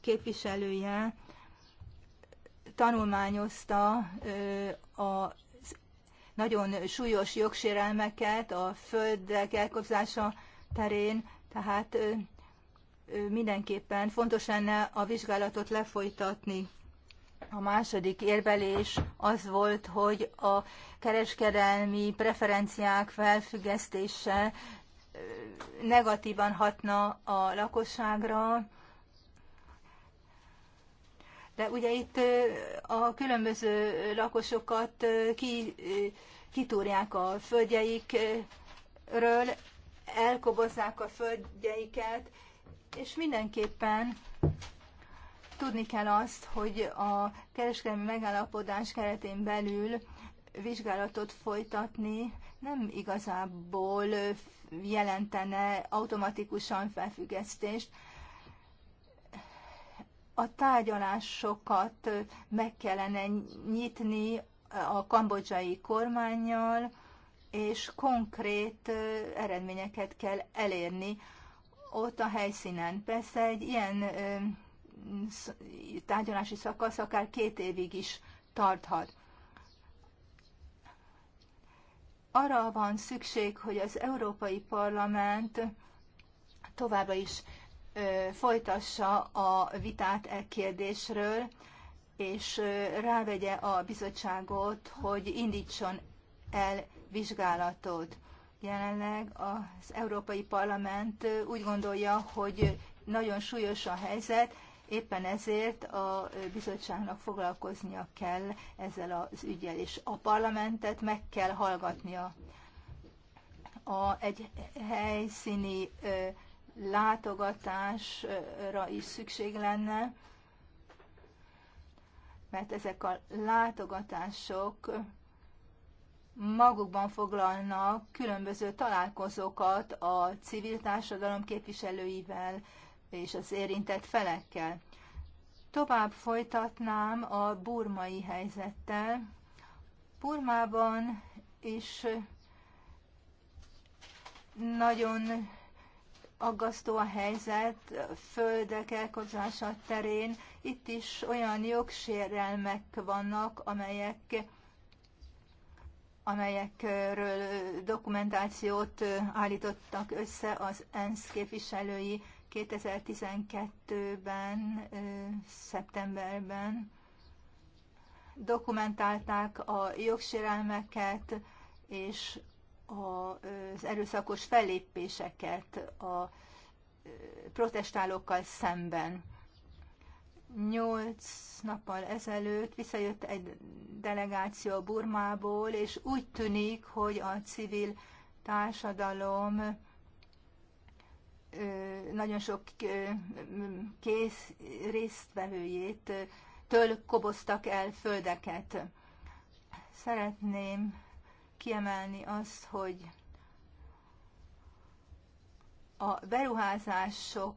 [SPEAKER 3] képviselője tanulmányozta a nagyon súlyos jogsérelmeket a földek elkobzása terén, tehát mindenképpen fontos lenne a vizsgálatot lefolytatni. A második érvelés az volt, hogy a kereskedelmi preferenciák felfüggesztése negatívan hatna a lakosságra, de ugye itt a különböző lakosokat ki, kitúrják a földjeikről, elkobozzák a földjeiket, és mindenképpen tudni kell azt, hogy a kereskedelmi megállapodás keretén belül vizsgálatot folytatni nem igazából jelentene automatikusan felfüggesztést, a tárgyalásokat meg kellene nyitni a kambodzsai kormányjal, és konkrét eredményeket kell elérni ott a helyszínen. Persze egy ilyen tárgyalási szakasz akár két évig is tarthat. Arra van szükség, hogy az Európai Parlament továbbra is folytassa a vitát e kérdésről, és rávegye a bizottságot, hogy indítson el vizsgálatot. Jelenleg az Európai Parlament úgy gondolja, hogy nagyon súlyos a helyzet, éppen ezért a bizottságnak foglalkoznia kell ezzel az ügyel, és a parlamentet meg kell hallgatnia. A egy helyszíni látogatásra is szükség lenne, mert ezek a látogatások magukban foglalnak különböző találkozókat a civil társadalom képviselőivel és az érintett felekkel. Tovább folytatnám a burmai helyzettel. Burmában is nagyon aggasztó a helyzet földek elkozása terén. Itt is olyan jogsérelmek vannak, amelyek amelyekről dokumentációt állítottak össze az ENSZ képviselői 2012-ben, szeptemberben. Dokumentálták a jogsérelmeket, és az erőszakos fellépéseket a protestálókkal szemben. Nyolc nappal ezelőtt visszajött egy delegáció Burmából, és úgy tűnik, hogy a civil társadalom nagyon sok kész résztvevőjét től koboztak el földeket. Szeretném kiemelni azt, hogy a beruházások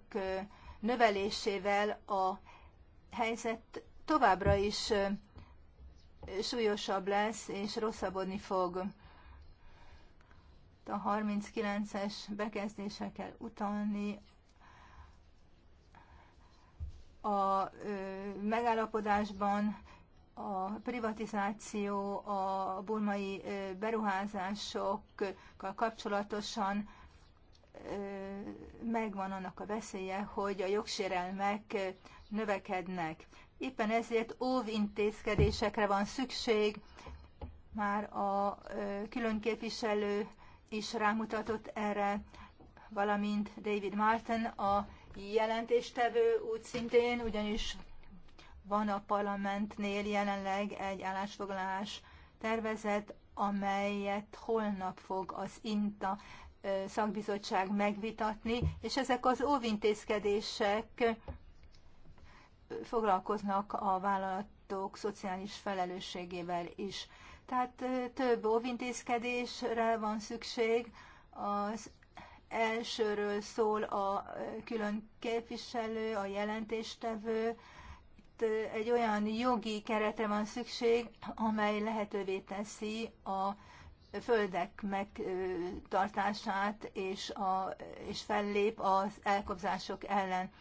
[SPEAKER 3] növelésével a helyzet továbbra is súlyosabb lesz és rosszabbodni fog. A 39-es bekezdésekkel utalni. A megállapodásban a privatizáció, a burmai beruházásokkal kapcsolatosan megvan annak a veszélye, hogy a jogsérelmek növekednek. Éppen ezért óvintézkedésekre van szükség, már a külön képviselő is rámutatott erre, valamint David Martin, a jelentéstevő úgy szintén, ugyanis van a parlamentnél jelenleg egy állásfoglalás tervezet, amelyet holnap fog az INTA szakbizottság megvitatni, és ezek az óvintézkedések foglalkoznak a vállalatok szociális felelősségével is. Tehát több óvintézkedésre van szükség. Az elsőről szól a külön képviselő, a jelentéstevő, egy olyan jogi keretre van szükség, amely lehetővé teszi a földek megtartását és, a, és fellép az elkobzások ellen.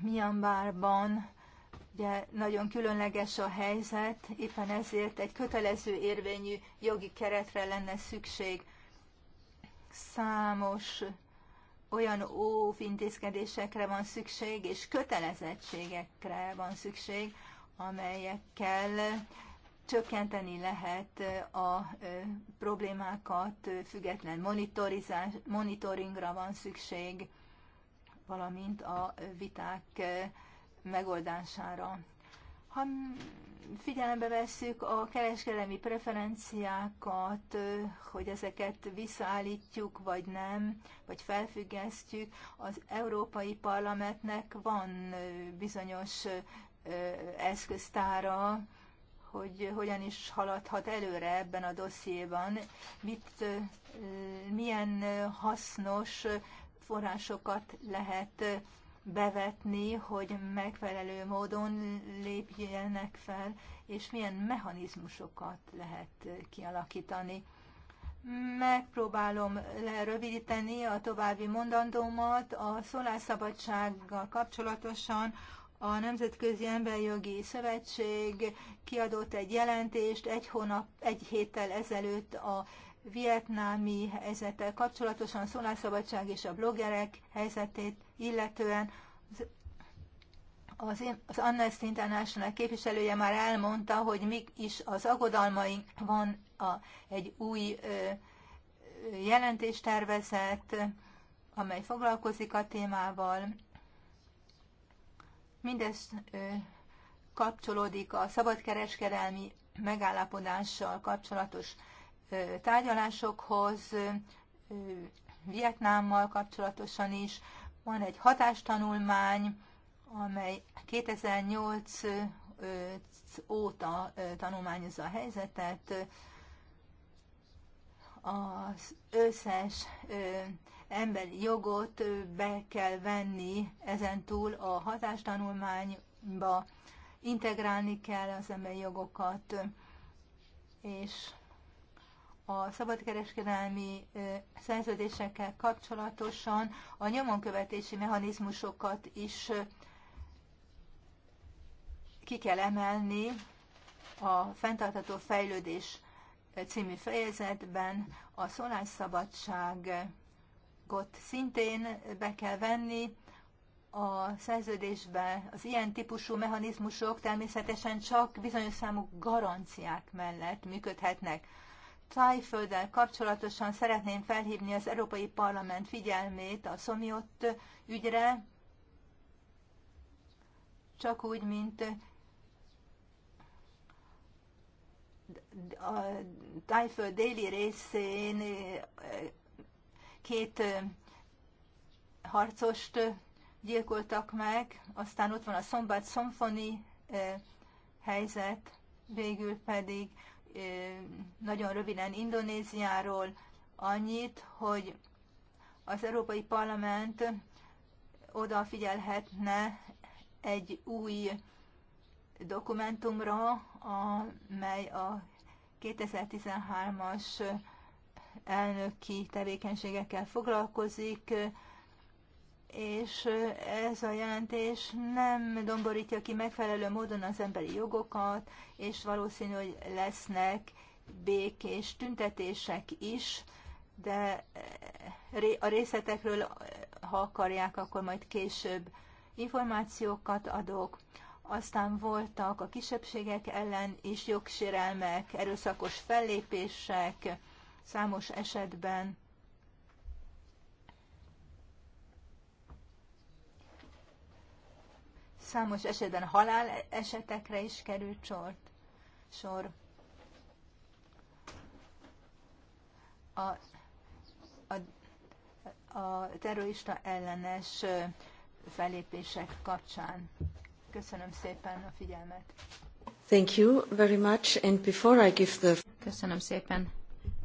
[SPEAKER 3] Mianbárban ugye nagyon különleges a helyzet, éppen ezért egy kötelező érvényű jogi keretre lenne szükség. Számos olyan óvintézkedésekre van szükség, és kötelezettségekre van szükség, amelyekkel csökkenteni lehet a problémákat, független monitoringra van szükség, valamint a viták megoldására. Ha figyelembe vesszük a kereskedelmi preferenciákat, hogy ezeket visszaállítjuk, vagy nem, vagy felfüggesztjük. Az Európai Parlamentnek van bizonyos eszköztára, hogy hogyan is haladhat előre ebben a dossziéban, mit, milyen hasznos forrásokat lehet bevetni, hogy megfelelő módon lépjenek fel, és milyen mechanizmusokat lehet kialakítani. Megpróbálom lerövidíteni a további mondandómat a szólásszabadsággal kapcsolatosan. A Nemzetközi Emberjogi Szövetség kiadott egy jelentést egy hónap, egy héttel ezelőtt a vietnámi helyzettel kapcsolatosan, szólásszabadság és a bloggerek helyzetét illetően az, az Amnesty International képviselője már elmondta, hogy mik is az aggodalmaink van a, egy új ö, jelentéstervezet, amely foglalkozik a témával. Mindez ö, kapcsolódik a szabadkereskedelmi megállapodással kapcsolatos ö, tárgyalásokhoz, ö, Vietnámmal kapcsolatosan is. Ö, van egy hatástanulmány, amely 2008 óta tanulmányozza a helyzetet. Az összes emberi jogot be kell venni ezen túl a hatástanulmányba, integrálni kell az emberi jogokat, és a szabadkereskedelmi szerződésekkel kapcsolatosan a nyomonkövetési mechanizmusokat is ki kell emelni a fenntartható fejlődés című fejezetben, a szólásszabadságot szintén be kell venni, a szerződésbe az ilyen típusú mechanizmusok természetesen csak bizonyos számú garanciák mellett működhetnek. Tájfölddel kapcsolatosan szeretném felhívni az Európai Parlament figyelmét a szomjott ügyre, csak úgy, mint a Tájföld déli részén két harcost gyilkoltak meg, aztán ott van a szombat szomfoni eh, helyzet, végül pedig nagyon röviden Indonéziáról annyit, hogy az Európai Parlament odafigyelhetne egy új dokumentumra, amely a 2013-as elnöki tevékenységekkel foglalkozik, és ez a jelentés nem domborítja ki megfelelő módon az emberi jogokat, és valószínű, hogy lesznek békés tüntetések is, de a részletekről, ha akarják, akkor majd később információkat adok. Aztán voltak a kisebbségek ellen is jogsérelmek, erőszakos fellépések számos esetben számos esetben halál esetekre is került sor. sor. A, a, a terrorista ellenes felépések kapcsán. Köszönöm szépen a figyelmet.
[SPEAKER 1] Thank you very much. And before I give the... Köszönöm szépen.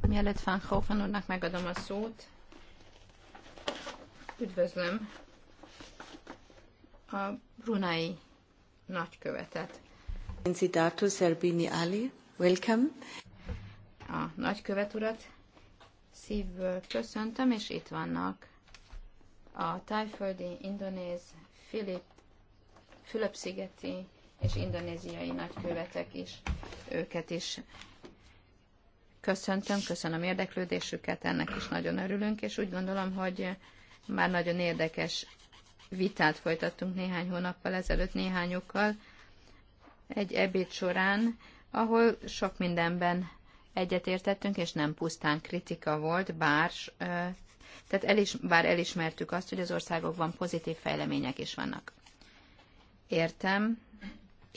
[SPEAKER 1] Mielőtt Van Hoffen úrnak megadom a szót, üdvözlöm a brunai nagykövetet. Incitatus Serbini Ali, welcome. A nagykövet urat szívből köszöntöm, és itt vannak a tájföldi, indonéz, Filip, Fülöp-szigeti és indonéziai nagykövetek is. Őket is köszöntöm, köszönöm érdeklődésüket, ennek is nagyon örülünk, és úgy gondolom, hogy már nagyon érdekes vitát folytattunk néhány hónappal ezelőtt néhányukkal egy ebéd során, ahol sok mindenben egyetértettünk, és nem pusztán kritika volt, bár, tehát elis, bár elismertük azt, hogy az országokban pozitív fejlemények is vannak. Értem,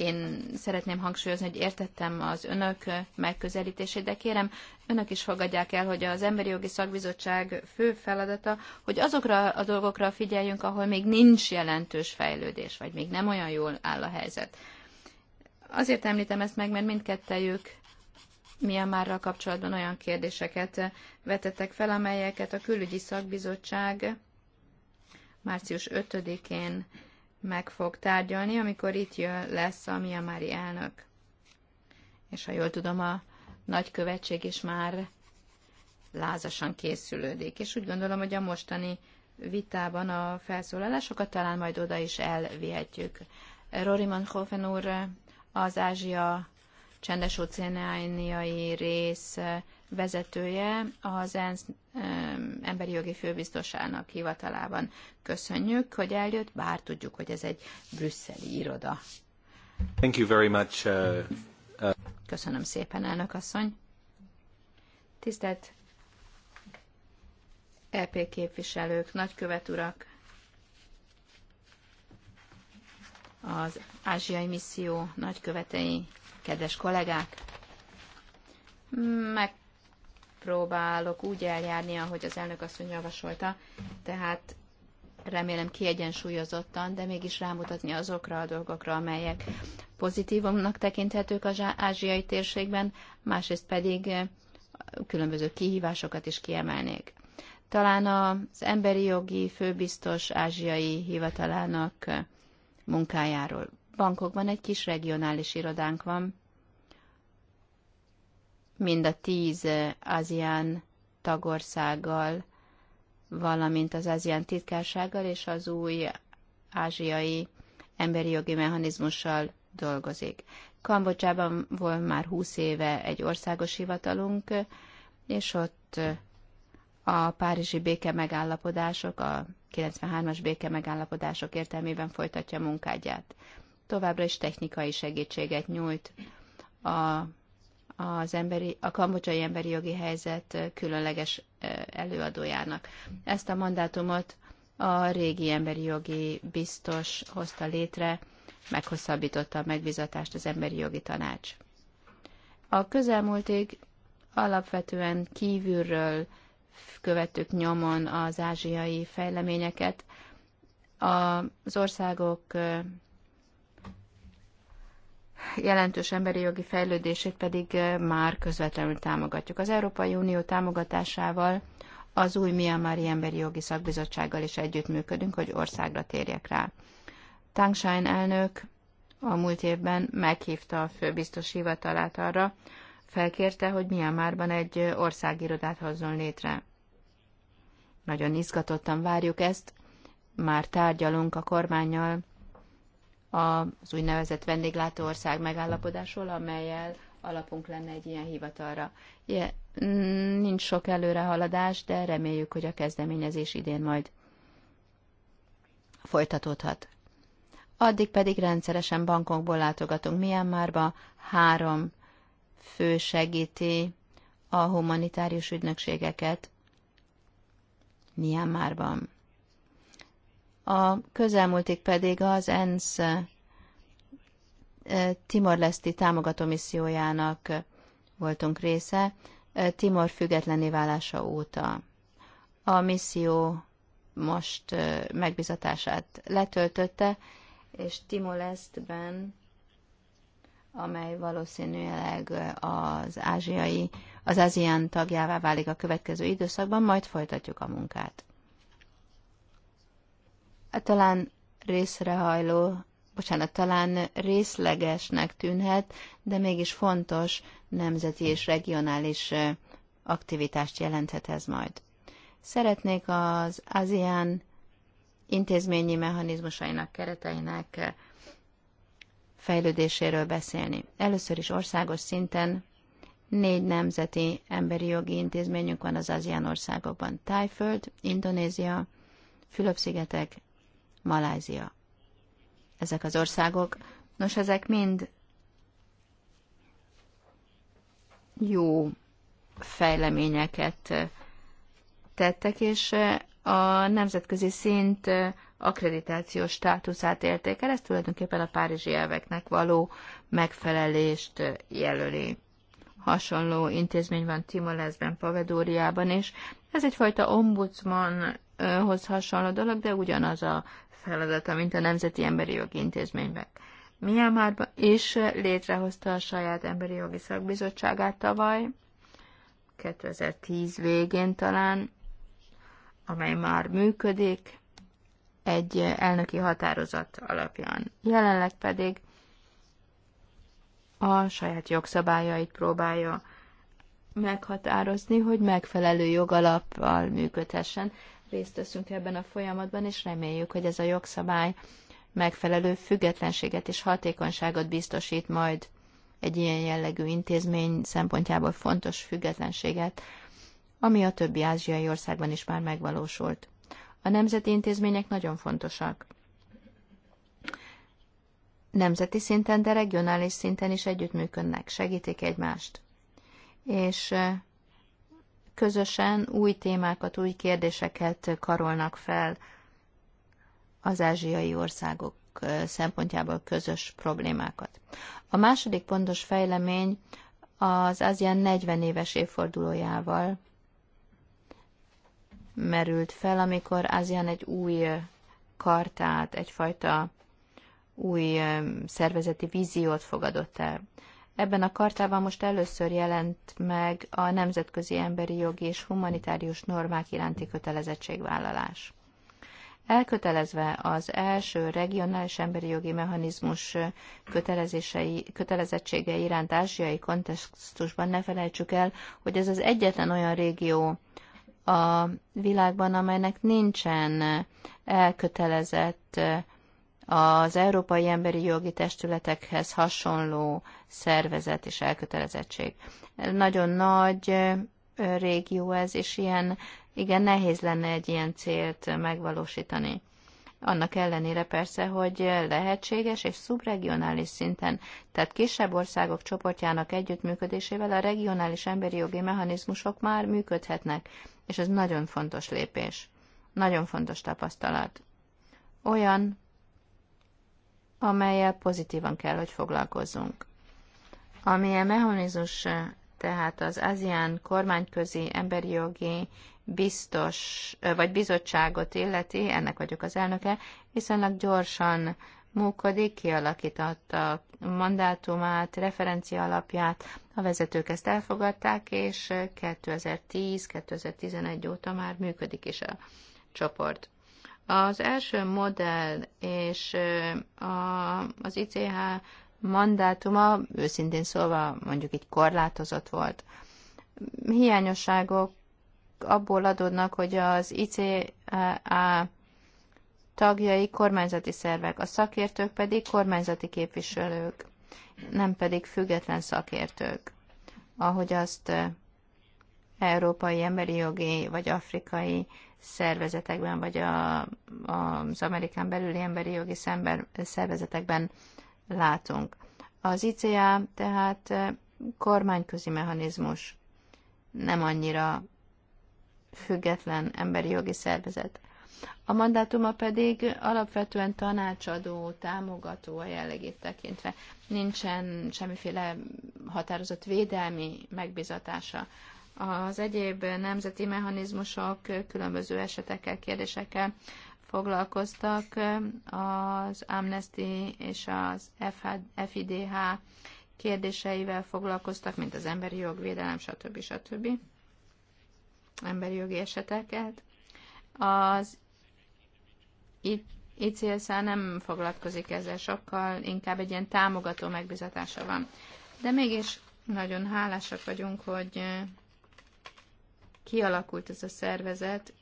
[SPEAKER 1] én szeretném hangsúlyozni, hogy értettem az önök megközelítését, de kérem, önök is fogadják el, hogy az Emberi Jogi Szakbizottság fő feladata, hogy azokra a dolgokra figyeljünk, ahol még nincs jelentős fejlődés, vagy még nem olyan jól áll a helyzet. Azért említem ezt meg, mert mindkettejük márra kapcsolatban olyan kérdéseket vetettek fel, amelyeket a külügyi szakbizottság március 5-én meg fog tárgyalni, amikor itt jön, lesz a Miamári elnök. És ha jól tudom, a nagykövetség is már lázasan készülődik. És úgy gondolom, hogy a mostani vitában a felszólalásokat talán majd oda is elvihetjük. Rory Manhofen úr az Ázsia csendes óceániai rész vezetője az ENSZ emberi jogi főbiztosának hivatalában. Köszönjük, hogy eljött, bár tudjuk, hogy ez egy brüsszeli iroda. Thank you very much, uh, uh... Köszönöm szépen, elnök asszony. Tisztelt EP képviselők, nagykövet urak, az ázsiai misszió nagykövetei, kedves kollégák! Meg próbálok úgy eljárni, ahogy az elnök asszony javasolta, tehát remélem kiegyensúlyozottan, de mégis rámutatni azokra a dolgokra, amelyek pozitívumnak tekinthetők az ázsiai térségben, másrészt pedig eh, különböző kihívásokat is kiemelnék. Talán az emberi jogi főbiztos ázsiai hivatalának eh, munkájáról. Bankokban egy kis regionális irodánk van, mind a tíz eh, ASEAN tagországgal, valamint az ASEAN titkársággal és az új ázsiai emberi jogi mechanizmussal dolgozik. Kambodzsában volt már 20 éve egy országos hivatalunk, és ott eh, a párizsi béke megállapodások, a 93-as béke megállapodások értelmében folytatja munkáját. Továbbra is technikai segítséget nyújt a az emberi, a kambodzsai emberi jogi helyzet különleges előadójának. Ezt a mandátumot a régi emberi jogi biztos hozta létre, meghosszabbította a megbizatást az emberi jogi tanács. A közelmúltig alapvetően kívülről követtük nyomon az ázsiai fejleményeket. Az országok jelentős emberi jogi fejlődését pedig már közvetlenül támogatjuk. Az Európai Unió támogatásával az új Miamári Emberi Jogi Szakbizottsággal is együttműködünk, hogy országra térjek rá. Tangshan elnök a múlt évben meghívta a főbiztos hivatalát arra, felkérte, hogy Miamárban egy országirodát hozzon létre. Nagyon izgatottan várjuk ezt, már tárgyalunk a kormányjal az úgynevezett vendéglátóország megállapodásról, amelyel alapunk lenne egy ilyen hivatalra. Je, mm, nincs sok előrehaladás, de reméljük, hogy a kezdeményezés idén majd folytatódhat. Addig pedig rendszeresen bankokból látogatunk Myanmarba, három fő segíti a humanitárius ügynökségeket Myanmarban. A közelmúltig pedig az ENSZ Timor-Leszti támogató missziójának voltunk része, Timor függetlenné válása óta. A misszió most megbizatását letöltötte, és Timor-Lesztben, amely valószínűleg az ázsiai, az ASEAN tagjává válik a következő időszakban, majd folytatjuk a munkát talán részrehajló, bocsánat, talán részlegesnek tűnhet, de mégis fontos nemzeti és regionális aktivitást jelenthet ez majd. Szeretnék az ASEAN intézményi mechanizmusainak, kereteinek fejlődéséről beszélni. Először is országos szinten négy nemzeti emberi jogi intézményünk van az ASEAN országokban. Tájföld, Indonézia, Fülöp-szigetek Malázia. Ezek az országok, nos, ezek mind jó fejleményeket tettek, és a nemzetközi szint akkreditációs státuszát érték el, ez tulajdonképpen a párizsi elveknek való megfelelést jelöli. Hasonló intézmény van timor Pavedóriában is. Ez egyfajta ombudsmanhoz hasonló dolog, de ugyanaz a feladata, mint a Nemzeti Emberi Jogi Intézményben. Myanmarban is létrehozta a saját emberi jogi szakbizottságát tavaly, 2010 végén talán, amely már működik, egy elnöki határozat alapján. Jelenleg pedig a saját jogszabályait próbálja meghatározni, hogy megfelelő jogalappal működhessen részt veszünk ebben a folyamatban, és reméljük, hogy ez a jogszabály megfelelő függetlenséget és hatékonyságot biztosít majd egy ilyen jellegű intézmény szempontjából fontos függetlenséget, ami a többi ázsiai országban is már megvalósult. A nemzeti intézmények nagyon fontosak. Nemzeti szinten, de regionális szinten is együttműködnek, segítik egymást. És közösen új témákat, új kérdéseket karolnak fel az ázsiai országok szempontjából közös problémákat. A második pontos fejlemény az ASEAN 40 éves évfordulójával merült fel, amikor ASEAN egy új kartát, egyfajta új szervezeti víziót fogadott el. Ebben a kartában most először jelent meg a nemzetközi emberi jogi és humanitárius normák iránti kötelezettségvállalás. Elkötelezve az első regionális emberi jogi mechanizmus kötelezettsége iránt ázsiai kontextusban ne felejtsük el, hogy ez az egyetlen olyan régió a világban, amelynek nincsen elkötelezett az Európai Emberi Jogi Testületekhez hasonló szervezet és elkötelezettség. Nagyon nagy régió ez, és ilyen, igen, nehéz lenne egy ilyen célt megvalósítani. Annak ellenére persze, hogy lehetséges és szubregionális szinten, tehát kisebb országok csoportjának együttműködésével a regionális emberi jogi mechanizmusok már működhetnek, és ez nagyon fontos lépés. Nagyon fontos tapasztalat. Olyan, amelyel pozitívan kell, hogy foglalkozzunk. Ami a mechanizmus, tehát az ASEAN kormányközi emberi jogi biztos, vagy bizottságot illeti, ennek vagyok az elnöke, viszonylag gyorsan Múkodik, kialakította a mandátumát, referencia alapját, a vezetők ezt elfogadták, és 2010-2011 óta már működik is a csoport. Az első modell és a, az ICH mandátuma őszintén szólva mondjuk így korlátozott volt. Hiányosságok abból adódnak, hogy az ICA tagjai kormányzati szervek, a szakértők pedig kormányzati képviselők, nem pedig független szakértők, ahogy azt európai emberi jogi vagy afrikai szervezetekben, vagy a, az Amerikán belüli emberi jogi szemben, szervezetekben látunk. Az ICA tehát eh, kormányközi mechanizmus, nem annyira független emberi jogi szervezet. A mandátuma pedig alapvetően tanácsadó, támogató a jellegét tekintve. Nincsen semmiféle határozott védelmi megbizatása az egyéb nemzeti mechanizmusok különböző esetekkel, kérdésekkel foglalkoztak az Amnesty és az FIDH kérdéseivel foglalkoztak, mint az emberi jogvédelem, stb. stb. emberi jogi eseteket. Az ICSA nem foglalkozik ezzel sokkal, inkább egy ilyen támogató megbizatása van. De mégis nagyon hálásak vagyunk, hogy kialakult ez a szervezet,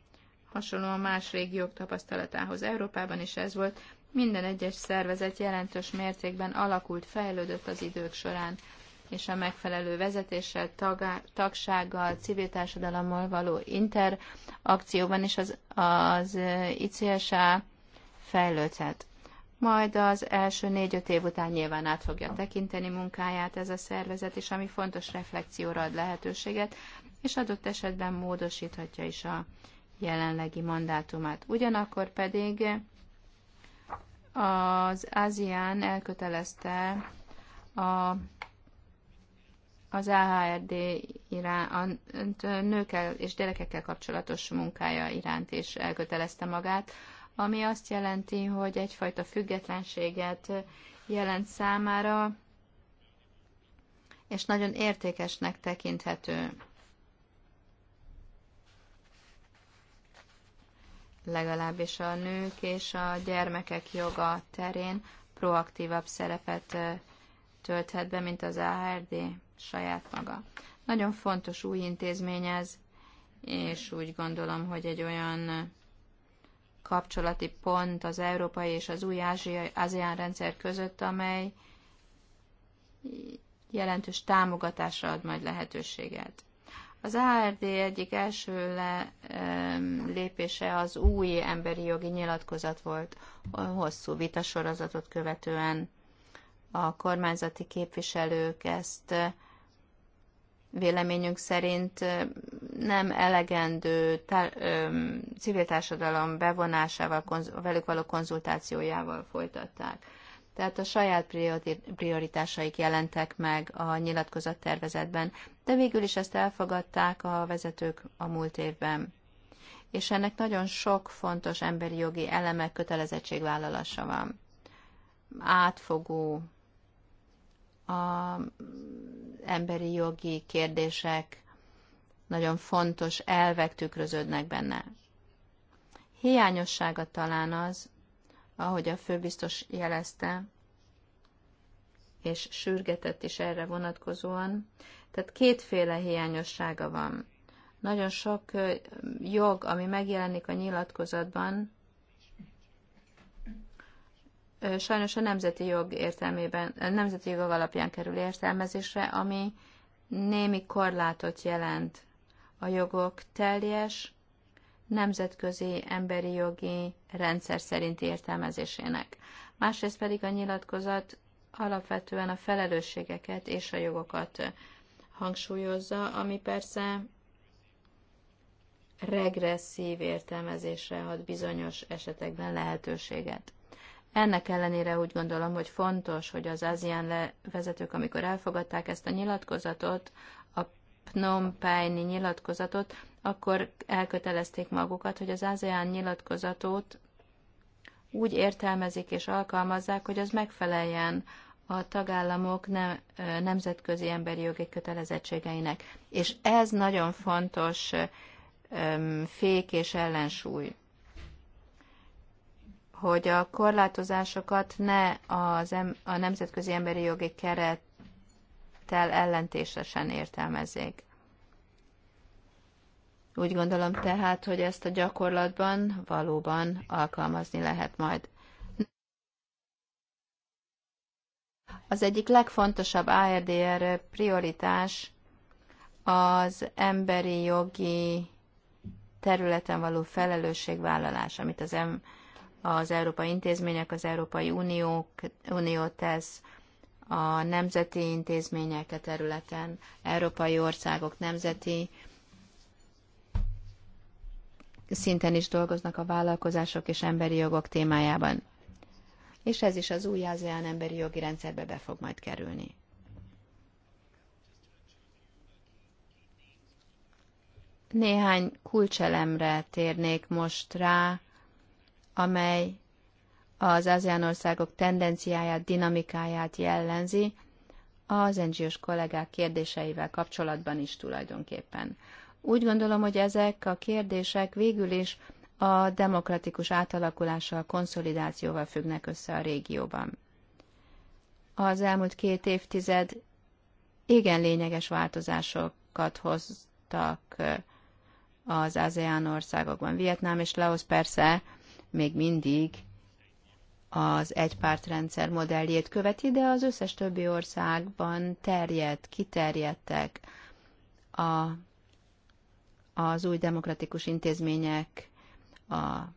[SPEAKER 1] hasonlóan más régiók tapasztalatához Európában is ez volt, minden egyes szervezet jelentős mértékben alakult, fejlődött az idők során, és a megfelelő vezetéssel, tagá, tagsággal, civil társadalommal való interakcióban is az, az e, ICSA fejlődhet. Majd az első négy-öt év után nyilván át fogja tekinteni munkáját ez a szervezet, és ami fontos reflekcióra ad lehetőséget, és adott esetben módosíthatja is a jelenlegi mandátumát. Ugyanakkor pedig az ASEAN elkötelezte a, az AHRD iránt a nőkkel és gyerekekkel kapcsolatos munkája iránt is elkötelezte magát, ami azt jelenti, hogy egyfajta függetlenséget jelent számára, és nagyon értékesnek tekinthető. legalábbis a nők és a gyermekek joga terén proaktívabb szerepet tölthet be, mint az ARD saját maga. Nagyon fontos új intézmény ez, és úgy gondolom, hogy egy olyan kapcsolati pont az európai és az új ázsiai rendszer között, amely jelentős támogatásra ad majd lehetőséget. Az ARD egyik első le, lépése az új emberi jogi nyilatkozat volt, hosszú vitasorozatot követően a kormányzati képviselők ezt véleményünk szerint nem elegendő civil társadalom bevonásával, konz- velük való konzultációjával folytatták. Tehát a saját prioritásaik jelentek meg a nyilatkozat tervezetben de végül is ezt elfogadták a vezetők a múlt évben. És ennek nagyon sok fontos emberi jogi elemek kötelezettségvállalása van. Átfogó a emberi jogi kérdések, nagyon fontos elvek tükröződnek benne. Hiányossága talán az, ahogy a főbiztos jelezte, és sürgetett is erre vonatkozóan, tehát kétféle hiányossága van. Nagyon sok jog, ami megjelenik a nyilatkozatban, sajnos a nemzeti jog értelmében, a nemzeti jog alapján kerül értelmezésre, ami némi korlátot jelent a jogok teljes nemzetközi emberi jogi rendszer szerinti értelmezésének. Másrészt pedig a nyilatkozat alapvetően a felelősségeket és a jogokat hangsúlyozza, ami persze regresszív értelmezésre ad bizonyos esetekben lehetőséget. Ennek ellenére úgy gondolom, hogy fontos, hogy az ASEAN vezetők, amikor elfogadták ezt a nyilatkozatot, a Phnom Penh nyilatkozatot, akkor elkötelezték magukat, hogy az ASEAN nyilatkozatot úgy értelmezik és alkalmazzák, hogy az megfeleljen a tagállamok nem, nemzetközi emberi jogi kötelezettségeinek. És ez nagyon fontos fék és ellensúly, hogy a korlátozásokat ne az, a nemzetközi emberi jogi kerettel ellentétesen értelmezzék. Úgy gondolom tehát, hogy ezt a gyakorlatban valóban alkalmazni lehet majd. Az egyik legfontosabb ARDR prioritás az emberi jogi területen való felelősségvállalás, amit az, em, az Európai Intézmények, az Európai Unió, Unió tesz, a nemzeti intézmények a e területen, európai országok nemzeti szinten is dolgoznak a vállalkozások és emberi jogok témájában és ez is az új ASEAN emberi jogi rendszerbe be fog majd kerülni. Néhány kulcselemre térnék most rá, amely az ASEAN országok tendenciáját, dinamikáját jellemzi, az ngo kollégák kérdéseivel kapcsolatban is tulajdonképpen. Úgy gondolom, hogy ezek a kérdések végül is a demokratikus átalakulással, konszolidációval függnek össze a régióban. Az elmúlt két évtized igen lényeges változásokat hoztak az ASEAN országokban. Vietnám és Laos persze még mindig az egypártrendszer modelljét követi, de az összes többi országban terjedt, kiterjedtek a, az új demokratikus intézmények a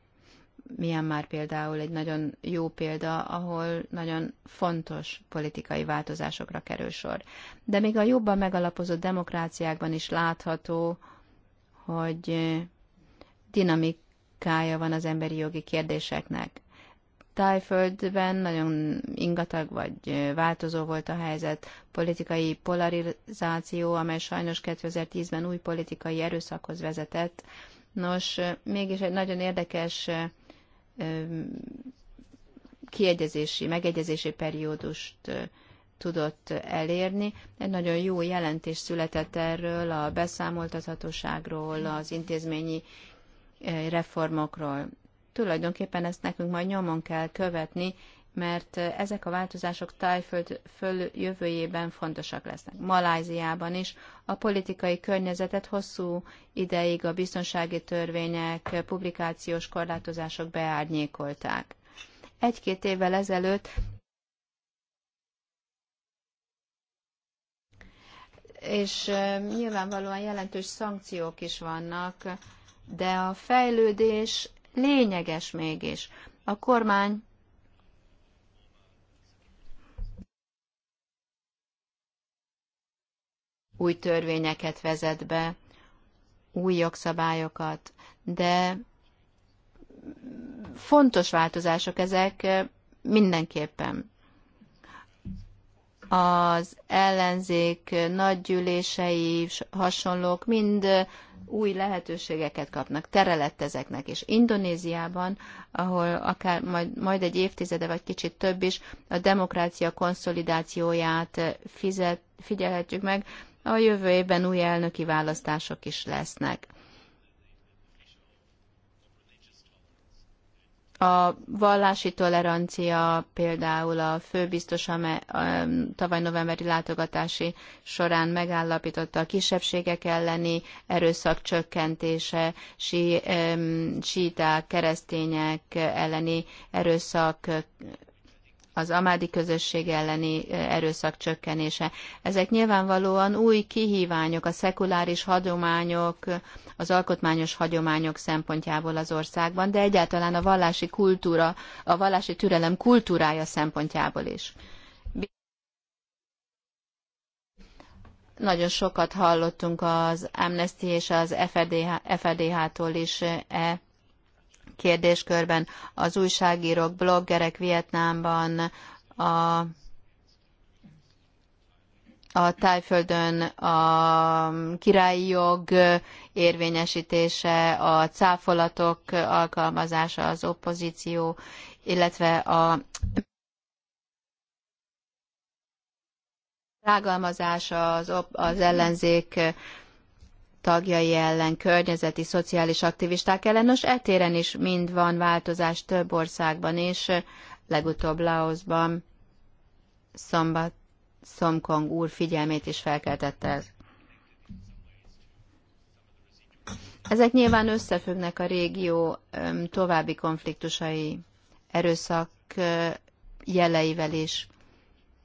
[SPEAKER 1] Myanmar például egy nagyon jó példa, ahol nagyon fontos politikai változásokra kerül sor. De még a jobban megalapozott demokráciákban is látható, hogy dinamikája van az emberi jogi kérdéseknek. Tájföldben nagyon ingatag vagy változó volt a helyzet, politikai polarizáció, amely sajnos 2010-ben új politikai erőszakhoz vezetett, Nos, mégis egy nagyon érdekes kiegyezési, megegyezési periódust tudott elérni. Egy nagyon jó jelentés született erről, a beszámoltathatóságról, az intézményi reformokról. Tulajdonképpen ezt nekünk majd nyomon kell követni, mert ezek a változások Tájföld föl jövőjében fontosak lesznek. Maláziában is a politikai környezetet hosszú ideig a biztonsági törvények, publikációs korlátozások beárnyékolták. Egy-két évvel ezelőtt és nyilvánvalóan jelentős szankciók is vannak, de a fejlődés lényeges mégis. A kormány új törvényeket vezet be, új jogszabályokat, de fontos változások ezek mindenképpen. Az ellenzék nagygyűlései, hasonlók mind új lehetőségeket kapnak, terelett ezeknek, és Indonéziában, ahol akár majd, majd egy évtizede vagy kicsit több is, a demokrácia konszolidációját fizet, figyelhetjük meg, a jövő évben új elnöki választások is lesznek. A vallási tolerancia például a főbiztos a tavaly novemberi látogatási során megállapította a kisebbségek elleni erőszak csökkentése, síták, keresztények elleni erőszak az amádi közösség elleni erőszak csökkenése. Ezek nyilvánvalóan új kihíványok, a szekuláris hagyományok, az alkotmányos hagyományok szempontjából az országban, de egyáltalán a vallási kultúra, a vallási türelem kultúrája szempontjából is. Nagyon sokat hallottunk az Amnesty és az FDH, FDH-tól is e kérdéskörben az újságírók, bloggerek Vietnámban, a a tájföldön a királyi jog érvényesítése, a cáfolatok alkalmazása, az opozíció, illetve a rágalmazása az, az ellenzék tagjai ellen, környezeti, szociális aktivisták ellen. Nos, etéren is mind van változás több országban is, legutóbb Laosban Szombat Szomkong úr figyelmét is felkeltette ez. Ezek nyilván összefüggnek a régió további konfliktusai, erőszak jeleivel is,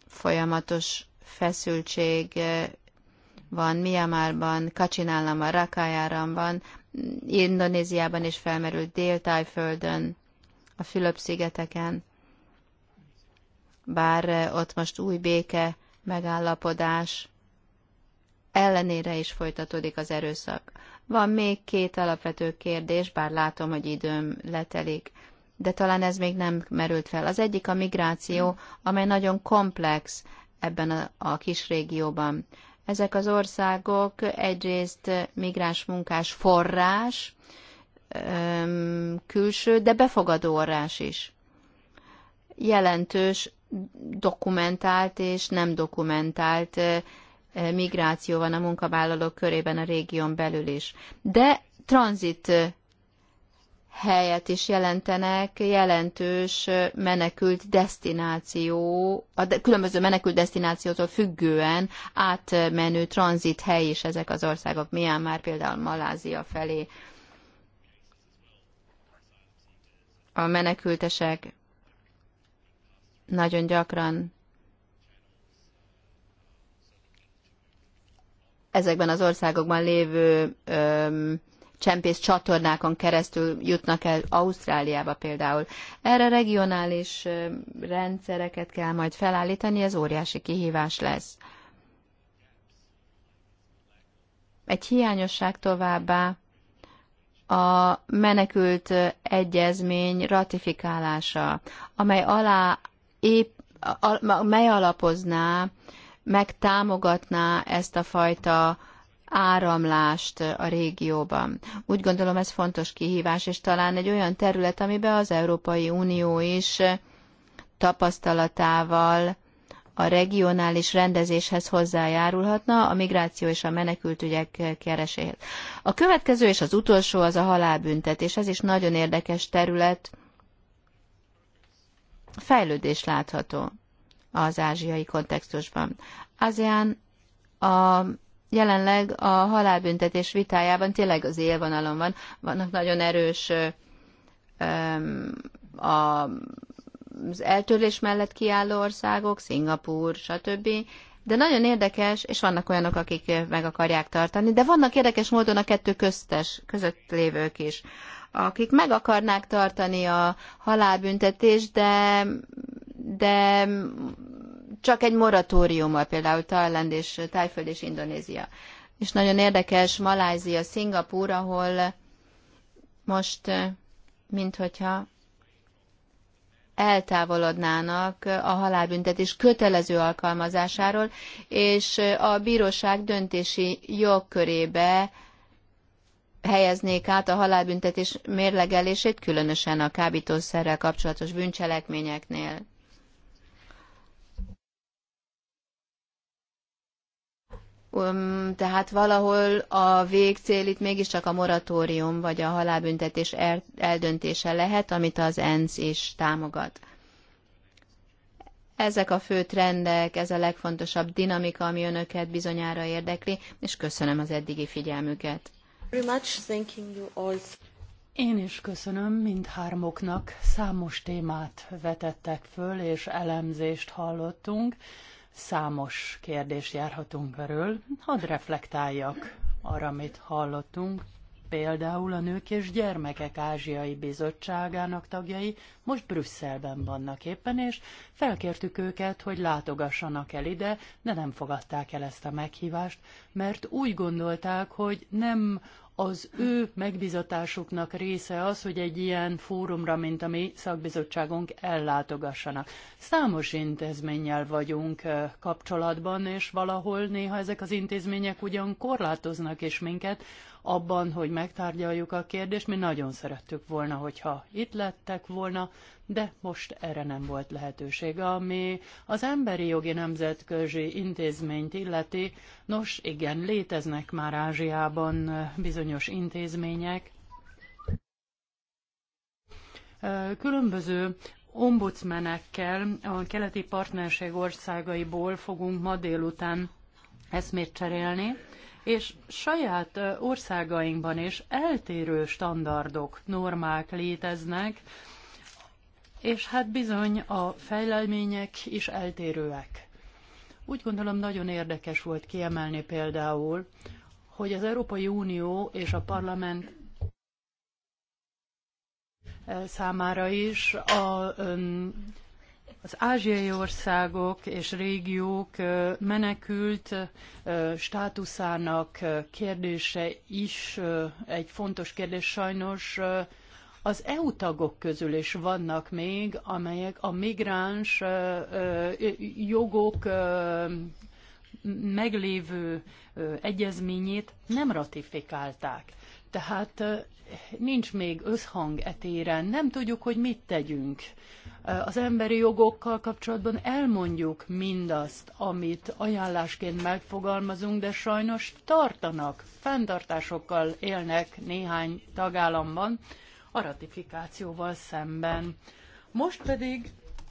[SPEAKER 1] folyamatos feszültség van, Myanmarban, Kacsin államban, van, Indonéziában is felmerült Dél-Tájföldön, a Fülöp-szigeteken. Bár eh, ott most új béke, megállapodás ellenére is folytatódik az erőszak. Van még két alapvető kérdés, bár látom, hogy időm letelik, de talán ez még nem merült fel. Az egyik a migráció, amely nagyon komplex ebben a, a kis régióban. Ezek az országok egyrészt migráns munkás forrás, külső, de befogadó orrás is. Jelentős dokumentált és nem dokumentált migráció van a munkavállalók körében a régión belül is. De tranzit helyet is jelentenek jelentős menekült destináció, a különböző menekült destinációtól függően átmenő tranzit hely is ezek az országok, milyen már például Malázia felé. A menekültesek nagyon gyakran ezekben az országokban lévő öm, csempész csatornákon keresztül jutnak el Ausztráliába például. Erre regionális rendszereket kell majd felállítani, ez óriási kihívás lesz. Egy hiányosság továbbá a menekült egyezmény ratifikálása, amely alá épp, mely alapozná, megtámogatná ezt a fajta áramlást a régióban. Úgy gondolom ez fontos kihívás, és talán egy olyan terület, amiben az Európai Unió is tapasztalatával a regionális rendezéshez hozzájárulhatna a migráció és a menekültügyek kereséhez. A következő és az utolsó az a halálbüntetés. Ez is nagyon érdekes terület. Fejlődés látható az ázsiai kontextusban. ASEAN a jelenleg a halálbüntetés vitájában tényleg az élvonalon van. Vannak nagyon erős a az eltörlés mellett kiálló országok, Szingapúr, stb. De nagyon érdekes, és vannak olyanok, akik meg akarják tartani, de vannak érdekes módon a kettő köztes, között lévők is, akik meg akarnák tartani a halálbüntetést, de, de csak egy moratóriummal, például Thailand és Tájföld és Indonézia. És nagyon érdekes Malázia, Szingapúr, ahol most, minthogyha eltávolodnának a halálbüntetés kötelező alkalmazásáról, és a bíróság döntési jogkörébe helyeznék át a halálbüntetés mérlegelését, különösen a kábítószerrel kapcsolatos bűncselekményeknél. Um, tehát valahol a végcél itt mégiscsak a moratórium vagy a halálbüntetés el, eldöntése lehet, amit az ENSZ is támogat. Ezek a fő trendek, ez a legfontosabb dinamika, ami önöket bizonyára érdekli, és köszönöm az eddigi figyelmüket.
[SPEAKER 2] Én is köszönöm mindhármoknak. Számos témát vetettek föl, és elemzést hallottunk. Számos kérdés járhatunk körül. Hadd reflektáljak arra, amit hallottunk. Például a Nők és Gyermekek Ázsiai Bizottságának tagjai most Brüsszelben vannak éppen, és felkértük őket, hogy látogassanak el ide, de nem fogadták el ezt a meghívást, mert úgy gondolták, hogy nem az ő megbizatásuknak része az, hogy egy ilyen fórumra, mint a mi szakbizottságunk ellátogassanak. Számos intézménnyel vagyunk kapcsolatban, és valahol néha ezek az intézmények ugyan korlátoznak is minket, abban, hogy megtárgyaljuk a kérdést. Mi nagyon szerettük volna, hogyha itt lettek volna, de most erre nem volt lehetőség. Ami az Emberi Jogi Nemzetközi Intézményt illeti, nos igen, léteznek már Ázsiában bizonyos intézmények, Különböző ombudsmenekkel a keleti partnerség országaiból fogunk ma délután eszmét cserélni és saját országainkban is eltérő standardok, normák léteznek, és hát bizony a fejlemények is eltérőek. Úgy gondolom nagyon érdekes volt kiemelni például, hogy az Európai Unió és a parlament számára is a az ázsiai országok és régiók menekült státuszának kérdése is egy fontos kérdés sajnos. Az EU tagok közül is vannak még, amelyek a migráns jogok meglévő egyezményét nem ratifikálták. Tehát nincs még összhang etéren, nem tudjuk, hogy mit tegyünk az emberi jogokkal kapcsolatban elmondjuk mindazt, amit ajánlásként megfogalmazunk, de sajnos tartanak, fenntartásokkal élnek néhány tagállamban a ratifikációval szemben. Most pedig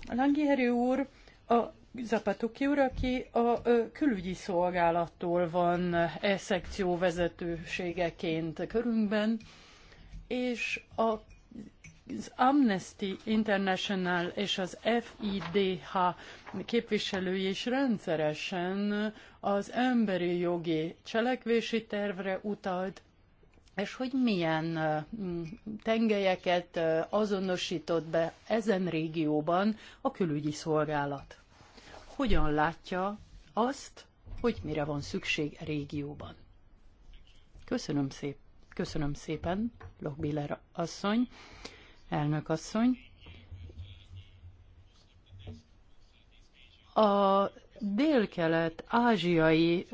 [SPEAKER 2] Langieri úr a Zapatuki úr, aki a külügyi szolgálattól van e szekció vezetőségeként körünkben, és a az Amnesty International és az FIDH képviselői is rendszeresen az emberi jogi cselekvési tervre utalt, és hogy milyen tengelyeket azonosított be ezen régióban a külügyi szolgálat. Hogyan látja azt, hogy mire van szükség a régióban. Köszönöm szépen. Köszönöm szépen, Lokbiller asszony elnök asszony. A dél-kelet-ázsiai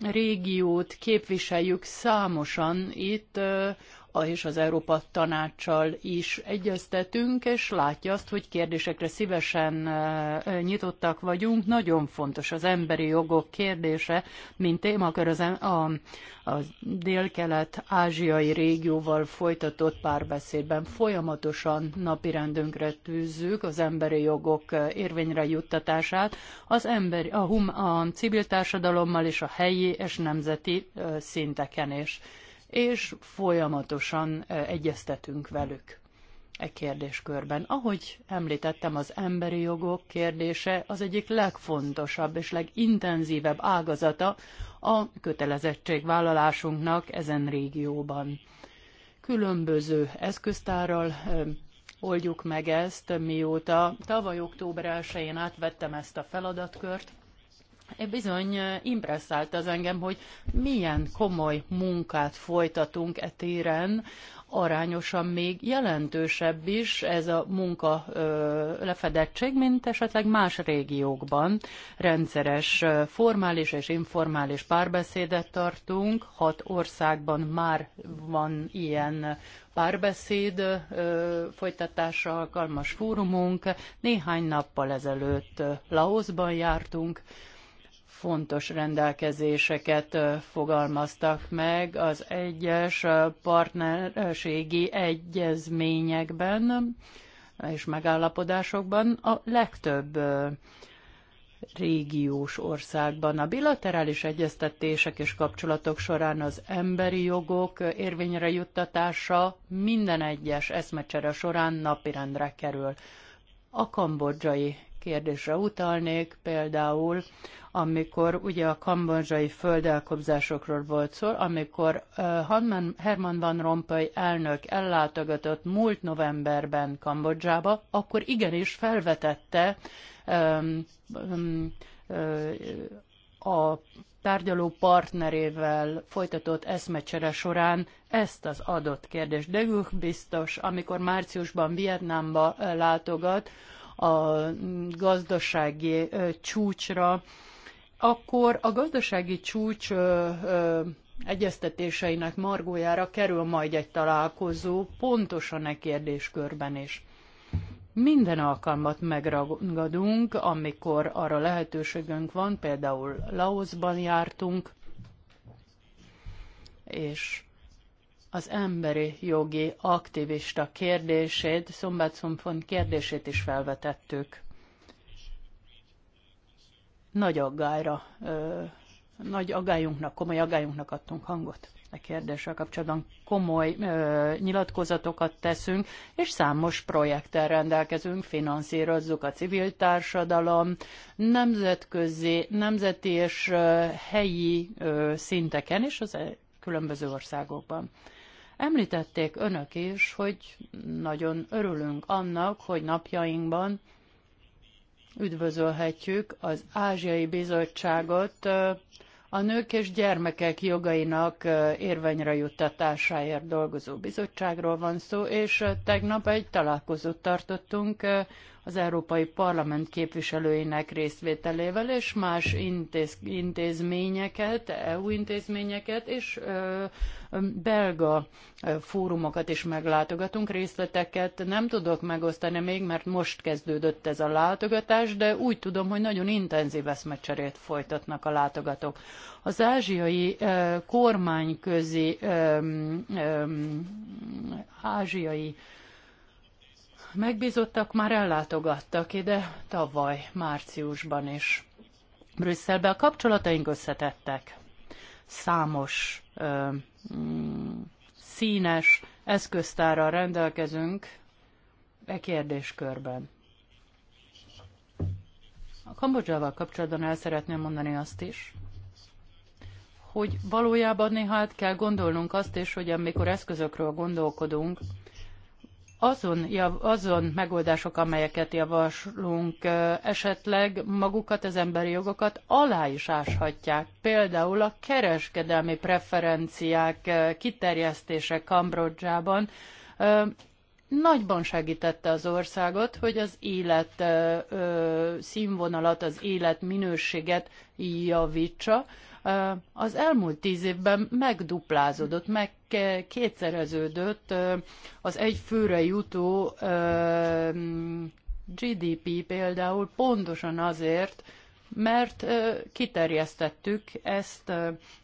[SPEAKER 2] régiót képviseljük számosan itt és az Európa Tanácssal is egyeztetünk, és látja azt, hogy kérdésekre szívesen nyitottak vagyunk. Nagyon fontos az emberi jogok kérdése, mint témakör az, a, a dél-kelet-ázsiai régióval folytatott párbeszédben folyamatosan napirendünkre tűzzük az emberi jogok érvényre juttatását, az emberi, a, hum, a civil társadalommal és a helyi és nemzeti szinteken is és folyamatosan egyeztetünk velük e kérdéskörben. Ahogy említettem, az emberi jogok kérdése az egyik legfontosabb és legintenzívebb ágazata a kötelezettségvállalásunknak ezen régióban. Különböző eszköztárral oldjuk meg ezt, mióta tavaly október 1-én átvettem ezt a feladatkört, bizony impresszált az engem, hogy milyen komoly munkát folytatunk e téren, arányosan még jelentősebb is ez a munka ö, lefedettség, mint esetleg más régiókban. Rendszeres formális és informális párbeszédet tartunk, hat országban már van ilyen párbeszéd ö, folytatása alkalmas fórumunk. Néhány nappal ezelőtt Laosban jártunk, fontos rendelkezéseket fogalmaztak meg az egyes partnerségi egyezményekben és megállapodásokban a legtöbb régiós országban. A bilaterális egyeztetések és kapcsolatok során az emberi jogok érvényre juttatása minden egyes eszmecsere során napirendre kerül. A kambodzsai kérdésre utalnék, például amikor ugye a kambodzsai földelkobzásokról volt szó, amikor Herman Van Rompuy elnök ellátogatott múlt novemberben Kambodzsába, akkor igenis felvetette um, um, a tárgyaló partnerével folytatott eszmecsere során ezt az adott kérdést. De biztos, amikor márciusban Vietnámba látogat, a gazdasági csúcsra, akkor a gazdasági csúcs egyeztetéseinek margójára kerül majd egy találkozó, pontosan e kérdéskörben is. Minden alkalmat megragadunk, amikor arra lehetőségünk van, például Laosban jártunk, és az emberi jogi aktivista kérdését, Szombat kérdését is felvetettük. Nagy aggályra, ö, nagy aggályunknak, komoly aggályunknak adtunk hangot a e kérdéssel kapcsolatban. Komoly ö, nyilatkozatokat teszünk, és számos projekttel rendelkezünk, finanszírozzuk a civil társadalom, nemzetközi, nemzeti és ö, helyi ö, szinteken, és az e-, különböző országokban. Említették önök is, hogy nagyon örülünk annak, hogy napjainkban üdvözölhetjük az Ázsiai Bizottságot a nők és gyermekek jogainak érvényre juttatásáért dolgozó bizottságról van szó, és tegnap egy találkozót tartottunk az Európai Parlament képviselőinek részvételével, és más intéz, intézményeket, EU intézményeket, és ö, belga fórumokat is meglátogatunk. Részleteket nem tudok megosztani még, mert most kezdődött ez a látogatás, de úgy tudom, hogy nagyon intenzív eszmecserét folytatnak a látogatók. Az ázsiai kormányközi ázsiai megbízottak már ellátogattak ide tavaly márciusban is. Brüsszelbe a kapcsolataink összetettek. Számos ö, mm, színes eszköztárral rendelkezünk e kérdéskörben. A Kambodzsával kapcsolatban el szeretném mondani azt is, hogy valójában néha át kell gondolnunk azt is, hogy amikor eszközökről gondolkodunk, azon, jav, azon megoldások, amelyeket javaslunk esetleg magukat, az emberi jogokat alá is áshatják. Például a kereskedelmi preferenciák kiterjesztése Kambodzsában nagyban segítette az országot, hogy az élet színvonalat, az élet minőséget javítsa, az elmúlt tíz évben megduplázódott, meg kétszereződött az egy főre jutó GDP például pontosan azért, mert kiterjesztettük ezt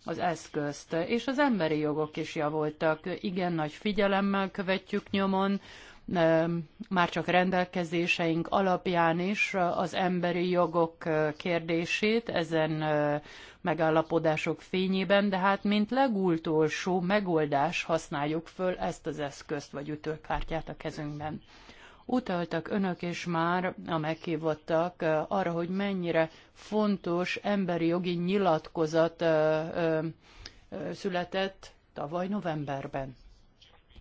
[SPEAKER 2] az eszközt, és az emberi jogok is javultak. Igen nagy figyelemmel követjük nyomon már csak rendelkezéseink alapján is az emberi jogok kérdését ezen megállapodások fényében, de hát mint legutolsó megoldás használjuk föl ezt az eszközt vagy ütőkártyát a kezünkben. Utaltak önök is már a meghívottak arra, hogy mennyire fontos emberi jogi nyilatkozat született tavaly novemberben.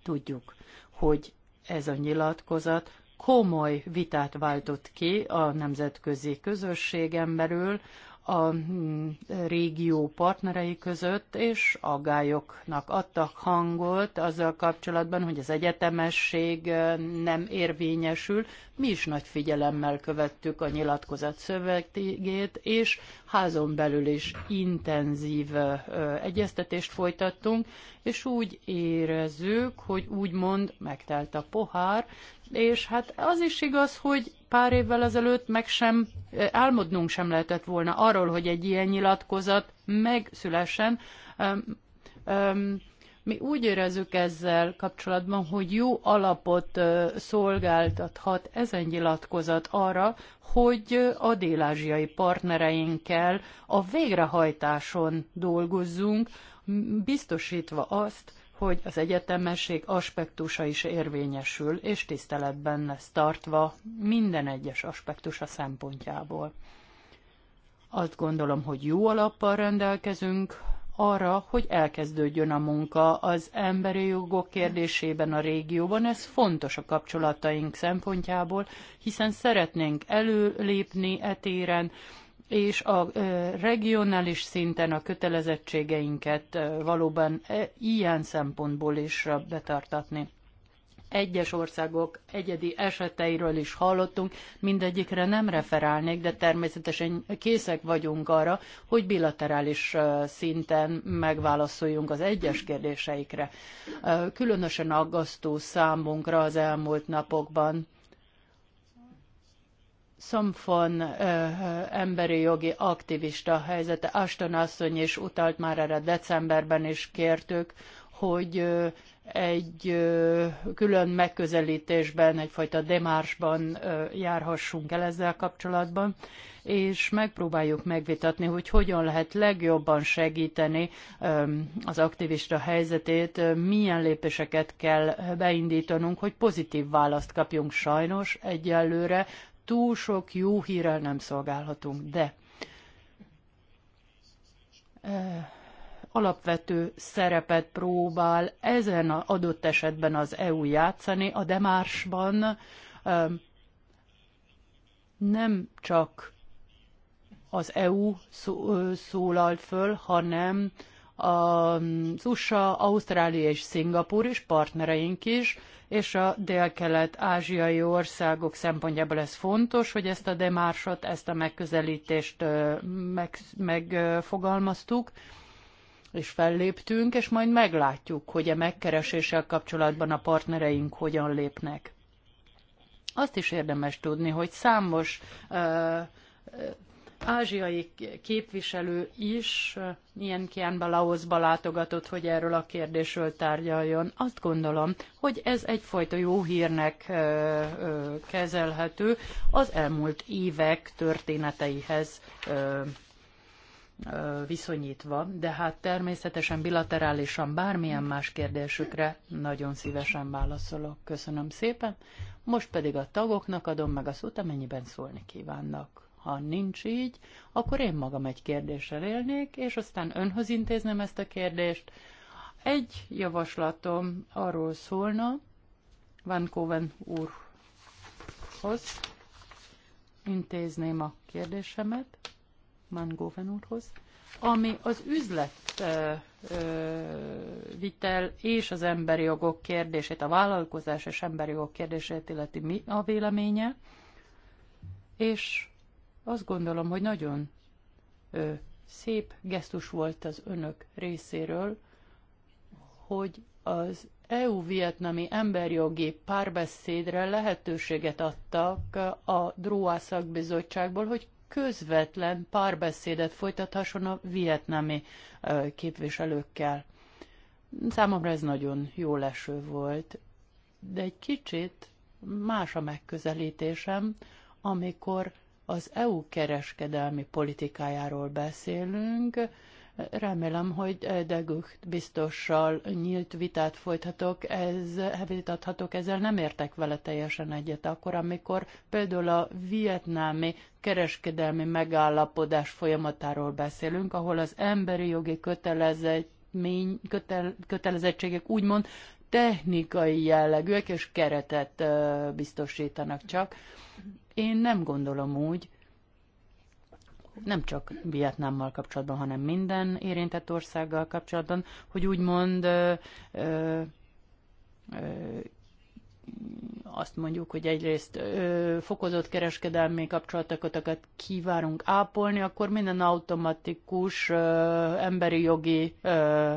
[SPEAKER 2] Tudjuk, hogy ez a nyilatkozat komoly vitát váltott ki a nemzetközi közösségen belül, a hmm, régió partnerei között, és aggályoknak adtak hangot azzal kapcsolatban, hogy az egyetemesség nem érvényesül. Mi is nagy figyelemmel követtük a nyilatkozat szövegét, és házon belül is intenzív egyeztetést folytattunk, és úgy érezzük, hogy úgymond megtelt a pohár, és hát az is igaz, hogy pár évvel ezelőtt meg sem álmodnunk sem lehetett volna arról, hogy egy ilyen nyilatkozat megszülessen. Mi úgy érezzük ezzel kapcsolatban, hogy jó alapot szolgáltathat ezen nyilatkozat arra, hogy a dél-ázsiai partnereinkkel a végrehajtáson dolgozzunk, biztosítva azt, hogy az egyetemesség aspektusa is érvényesül, és tiszteletben lesz tartva minden egyes aspektusa szempontjából. Azt gondolom, hogy jó alappal rendelkezünk arra, hogy elkezdődjön a munka az emberi jogok kérdésében a régióban. Ez fontos a kapcsolataink szempontjából, hiszen szeretnénk előlépni etéren, és a regionális szinten a kötelezettségeinket valóban ilyen szempontból is betartatni. Egyes országok egyedi eseteiről is hallottunk, mindegyikre nem referálnék, de természetesen készek vagyunk arra, hogy bilaterális szinten megválaszoljunk az egyes kérdéseikre. Különösen aggasztó számunkra az elmúlt napokban Szomfon ö, emberi jogi aktivista helyzete. Aston asszony is utalt már erre decemberben is kértük, hogy egy külön megközelítésben, egyfajta demársban ö, járhassunk el ezzel kapcsolatban, és megpróbáljuk megvitatni, hogy hogyan lehet legjobban segíteni az aktivista helyzetét, milyen lépéseket kell beindítanunk, hogy pozitív választ kapjunk sajnos egyelőre túl sok jó hírrel nem szolgálhatunk, de alapvető szerepet próbál ezen adott esetben az EU játszani, a demársban nem csak az EU szólal föl, hanem az USA, Ausztrália és Szingapur is, partnereink is, és a dél-kelet-ázsiai országok szempontjából ez fontos, hogy ezt a demársot, ezt a megközelítést meg, megfogalmaztuk és felléptünk, és majd meglátjuk, hogy a megkereséssel kapcsolatban a partnereink hogyan lépnek. Azt is érdemes tudni, hogy számos ázsiai képviselő is ilyen eh, kiánba Laosba látogatott, hogy erről a kérdésről tárgyaljon. Azt gondolom, hogy ez egyfajta jó hírnek eh, eh, kezelhető az elmúlt évek történeteihez viszonyítva, de hát természetesen bilaterálisan bármilyen más kérdésükre nagyon szívesen válaszolok. Köszönöm szépen. Most pedig a tagoknak adom meg a szót, amennyiben szólni kívánnak. Ha nincs így, akkor én magam egy kérdéssel élnék, és aztán önhöz intézném ezt a kérdést. Egy javaslatom arról szólna, Van Coven úrhoz intézném a kérdésemet, Van Coven úrhoz, ami az üzlet ö, ö, vitel és az emberi jogok kérdését, a vállalkozás és emberi jogok kérdését illeti mi a véleménye, és azt gondolom, hogy nagyon ö, szép gesztus volt az önök részéről, hogy az EU-vietnami emberjogi párbeszédre lehetőséget adtak a Drúá szakbizottságból, hogy közvetlen párbeszédet folytathasson a vietnami képviselőkkel. Számomra ez nagyon jó leső volt, de egy kicsit más a megközelítésem, amikor az EU kereskedelmi politikájáról beszélünk. Remélem, hogy de biztossal nyílt vitát folytatok, ez, vitathatok, ezzel nem értek vele teljesen egyet akkor, amikor például a vietnámi kereskedelmi megállapodás folyamatáról beszélünk, ahol az emberi jogi kötelezett kötelezettségek úgymond technikai jellegűek, és keretet biztosítanak csak. Én nem gondolom úgy, nem csak Vietnámmal kapcsolatban, hanem minden érintett országgal kapcsolatban, hogy úgymond ö, ö, ö, azt mondjuk, hogy egyrészt ö, fokozott kereskedelmi kapcsolatokat kívánunk ápolni, akkor minden automatikus ö, emberi jogi ö,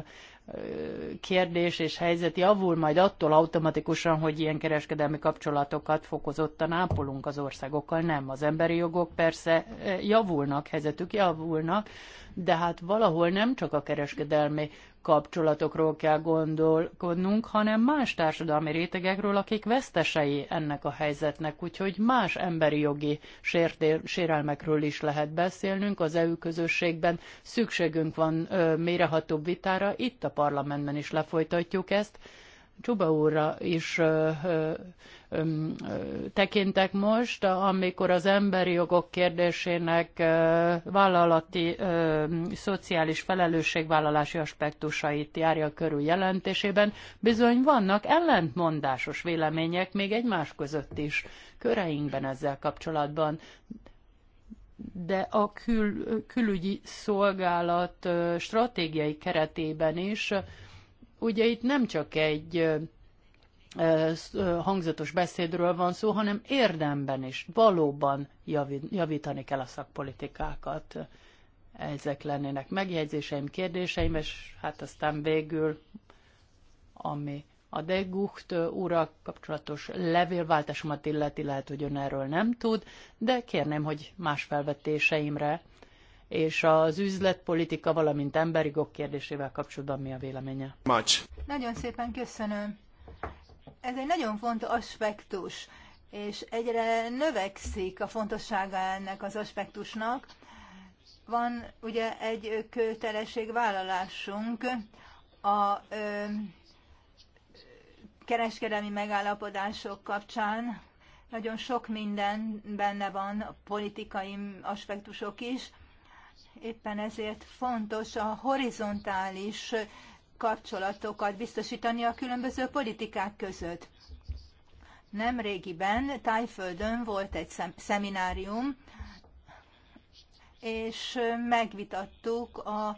[SPEAKER 2] kérdés és helyzet javul majd attól automatikusan, hogy ilyen kereskedelmi kapcsolatokat fokozottan ápolunk az országokkal. Nem, az emberi jogok persze javulnak, helyzetük javulnak, de hát valahol nem csak a kereskedelmi kapcsolatokról kell gondolkodnunk, hanem más társadalmi rétegekről, akik vesztesei ennek a helyzetnek, úgyhogy más emberi jogi sértél, sérelmekről is lehet beszélnünk. Az EU közösségben szükségünk van ö, mérehatóbb vitára, itt a parlamentben is lefolytatjuk ezt, Csuba úrra is ö, ö, ö, tekintek most, amikor az emberi jogok kérdésének vállalati, szociális felelősségvállalási aspektusait járja körül jelentésében, bizony vannak ellentmondásos vélemények még egymás között is köreinkben ezzel kapcsolatban de a kül, külügyi szolgálat stratégiai keretében is Ugye itt nem csak egy hangzatos beszédről van szó, hanem érdemben is valóban javítani kell a szakpolitikákat. Ezek lennének megjegyzéseim, kérdéseim, és hát aztán végül, ami a de Gucht kapcsolatos levélváltásomat illeti, lehet, hogy ön erről nem tud, de kérném, hogy más felvetéseimre és az üzletpolitika, valamint emberi jogok kérdésével kapcsolatban mi a véleménye? Much.
[SPEAKER 3] Nagyon szépen köszönöm. Ez egy nagyon fontos aspektus, és egyre növekszik a fontossága ennek az aspektusnak. Van ugye egy kötelességvállalásunk a ö, kereskedelmi megállapodások kapcsán, nagyon sok minden benne van, politikai aspektusok is, Éppen ezért fontos a horizontális kapcsolatokat biztosítani a különböző politikák között. Nem régiben Tájföldön volt egy szem- szeminárium, és megvitattuk a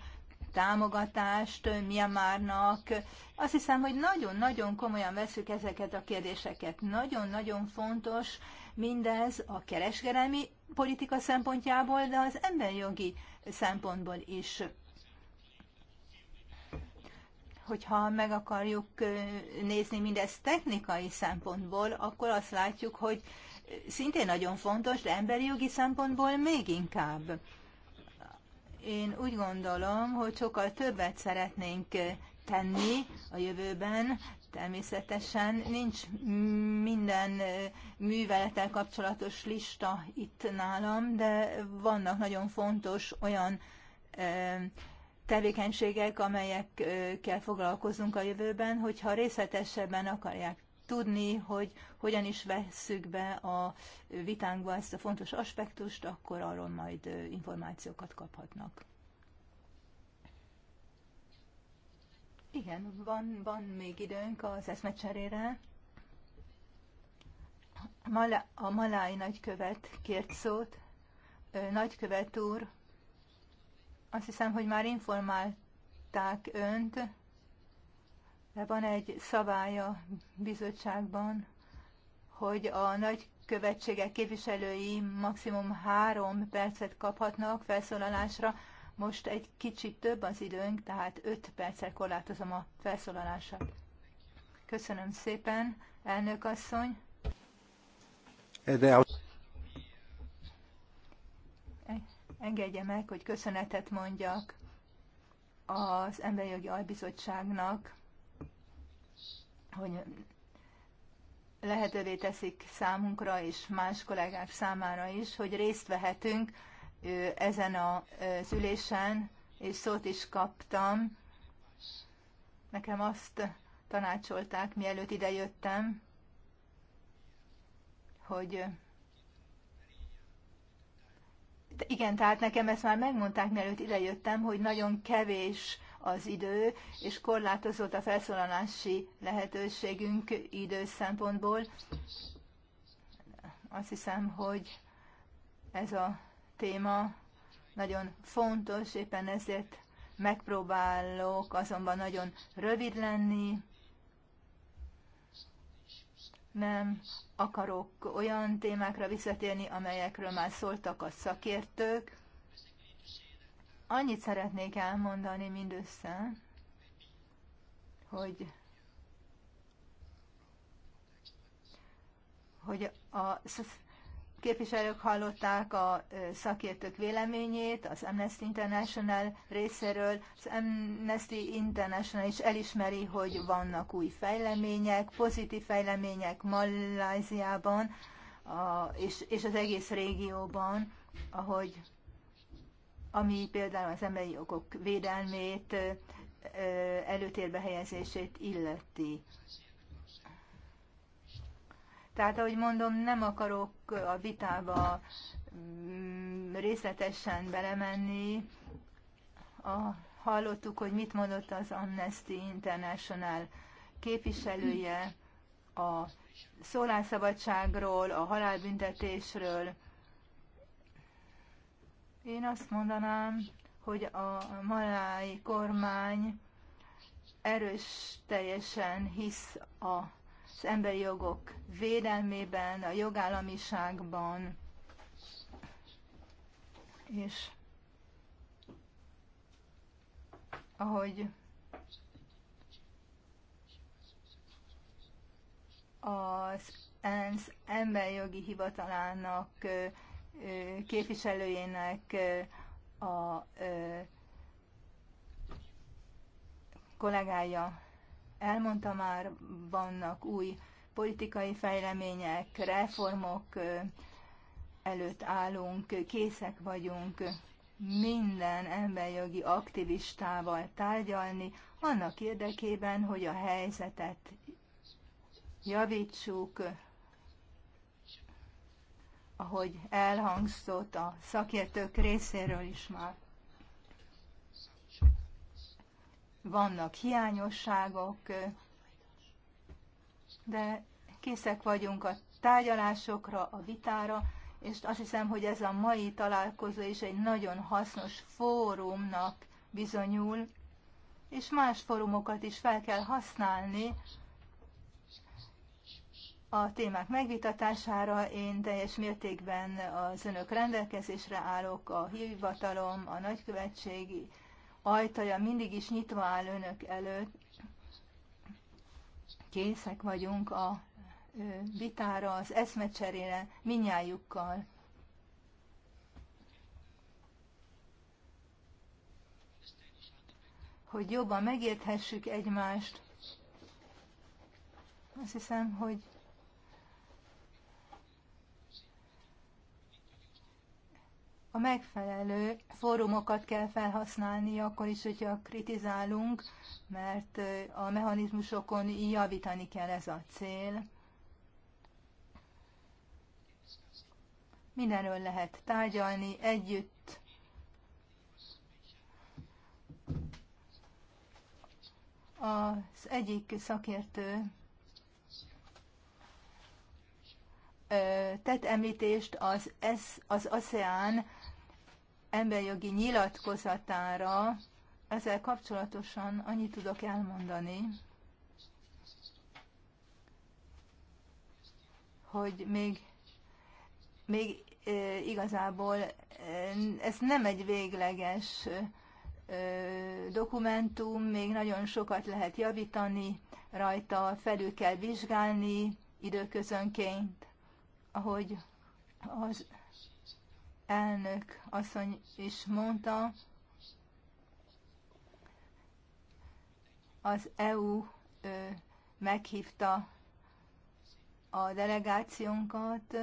[SPEAKER 3] támogatást Myanmarnak. Azt hiszem, hogy nagyon-nagyon komolyan veszük ezeket a kérdéseket. Nagyon-nagyon fontos Mindez a kereskedelmi politika szempontjából, de az emberjogi szempontból is. Hogyha meg akarjuk nézni mindezt technikai szempontból, akkor azt látjuk, hogy szintén nagyon fontos, de emberi jogi szempontból még inkább. Én úgy gondolom, hogy sokkal többet szeretnénk tenni a jövőben, Természetesen nincs minden művelettel kapcsolatos lista itt nálam, de vannak nagyon fontos olyan tevékenységek, amelyekkel foglalkozunk a jövőben, hogyha részletesebben akarják tudni, hogy hogyan is vesszük be a vitánkba ezt a fontos aspektust, akkor arról majd információkat kaphatnak. Igen, van, van még időnk az eszmecserére. A malái nagykövet kért szót. Nagykövet úr, azt hiszem, hogy már informálták önt, de van egy szabálya bizottságban, hogy a nagykövetségek képviselői maximum három percet kaphatnak felszólalásra. Most egy kicsit több az időnk, tehát 5 percet korlátozom a felszólalását. Köszönöm szépen, elnök asszony. Engedje meg, hogy köszönetet mondjak az Emberi Jogi Albizottságnak, hogy lehetővé teszik számunkra és más kollégák számára is, hogy részt vehetünk ezen a ülésen, és szót is kaptam. Nekem azt tanácsolták, mielőtt idejöttem, hogy igen, tehát nekem ezt már megmondták, mielőtt idejöttem, hogy nagyon kevés az idő, és korlátozott a felszólalási lehetőségünk idő szempontból. Azt hiszem, hogy ez a téma nagyon fontos, éppen ezért megpróbálok azonban nagyon rövid lenni. Nem akarok olyan témákra visszatérni, amelyekről már szóltak a szakértők. Annyit szeretnék elmondani mindössze, hogy hogy a képviselők hallották a szakértők véleményét az Amnesty International részéről. Az Amnesty International is elismeri, hogy vannak új fejlemények, pozitív fejlemények Malajziában és, és az egész régióban, ahogy ami például az emberi jogok védelmét, előtérbe helyezését illeti. Tehát, ahogy mondom, nem akarok a vitába mm, részletesen belemenni. A, hallottuk, hogy mit mondott az Amnesty International képviselője a szólásszabadságról, a halálbüntetésről. Én azt mondanám, hogy a malái kormány erős teljesen hisz a az emberi jogok védelmében, a jogállamiságban, és ahogy az ENSZ jogi hivatalának képviselőjének a kollégája elmondta már, vannak új politikai fejlemények, reformok előtt állunk, készek vagyunk minden emberjogi aktivistával tárgyalni, annak érdekében, hogy a helyzetet javítsuk, ahogy elhangzott a szakértők részéről is már. vannak hiányosságok, de készek vagyunk a tárgyalásokra, a vitára, és azt hiszem, hogy ez a mai találkozó is egy nagyon hasznos fórumnak bizonyul, és más fórumokat is fel kell használni a témák megvitatására. Én teljes mértékben az önök rendelkezésre állok, a hivatalom, a nagykövetségi ajtaja mindig is nyitva áll önök előtt. Készek vagyunk a vitára, az eszmecserére, minnyájukkal. Hogy jobban megérthessük egymást, azt hiszem, hogy a megfelelő fórumokat kell felhasználni, akkor is, hogyha kritizálunk, mert a mechanizmusokon javítani kell ez a cél. Mindenről lehet tárgyalni együtt. Az egyik szakértő tett említést az, az ASEAN emberjogi nyilatkozatára. Ezzel kapcsolatosan annyit tudok elmondani, hogy még, még igazából ez nem egy végleges dokumentum, még nagyon sokat lehet javítani rajta, felül kell vizsgálni időközönként, ahogy az elnök asszony is mondta, az EU ö, meghívta a delegációnkat.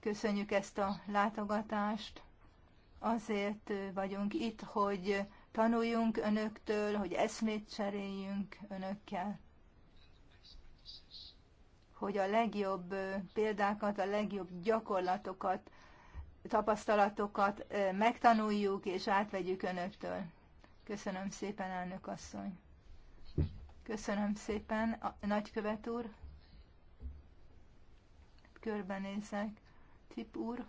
[SPEAKER 3] Köszönjük ezt a látogatást. Azért vagyunk itt, hogy tanuljunk önöktől, hogy eszmét cseréljünk önökkel, hogy a legjobb példákat, a legjobb gyakorlatokat tapasztalatokat megtanuljuk és átvegyük önöktől. Köszönöm szépen, elnök asszony. Köszönöm szépen, a nagykövet úr. Körbenézek. Tip
[SPEAKER 2] úr.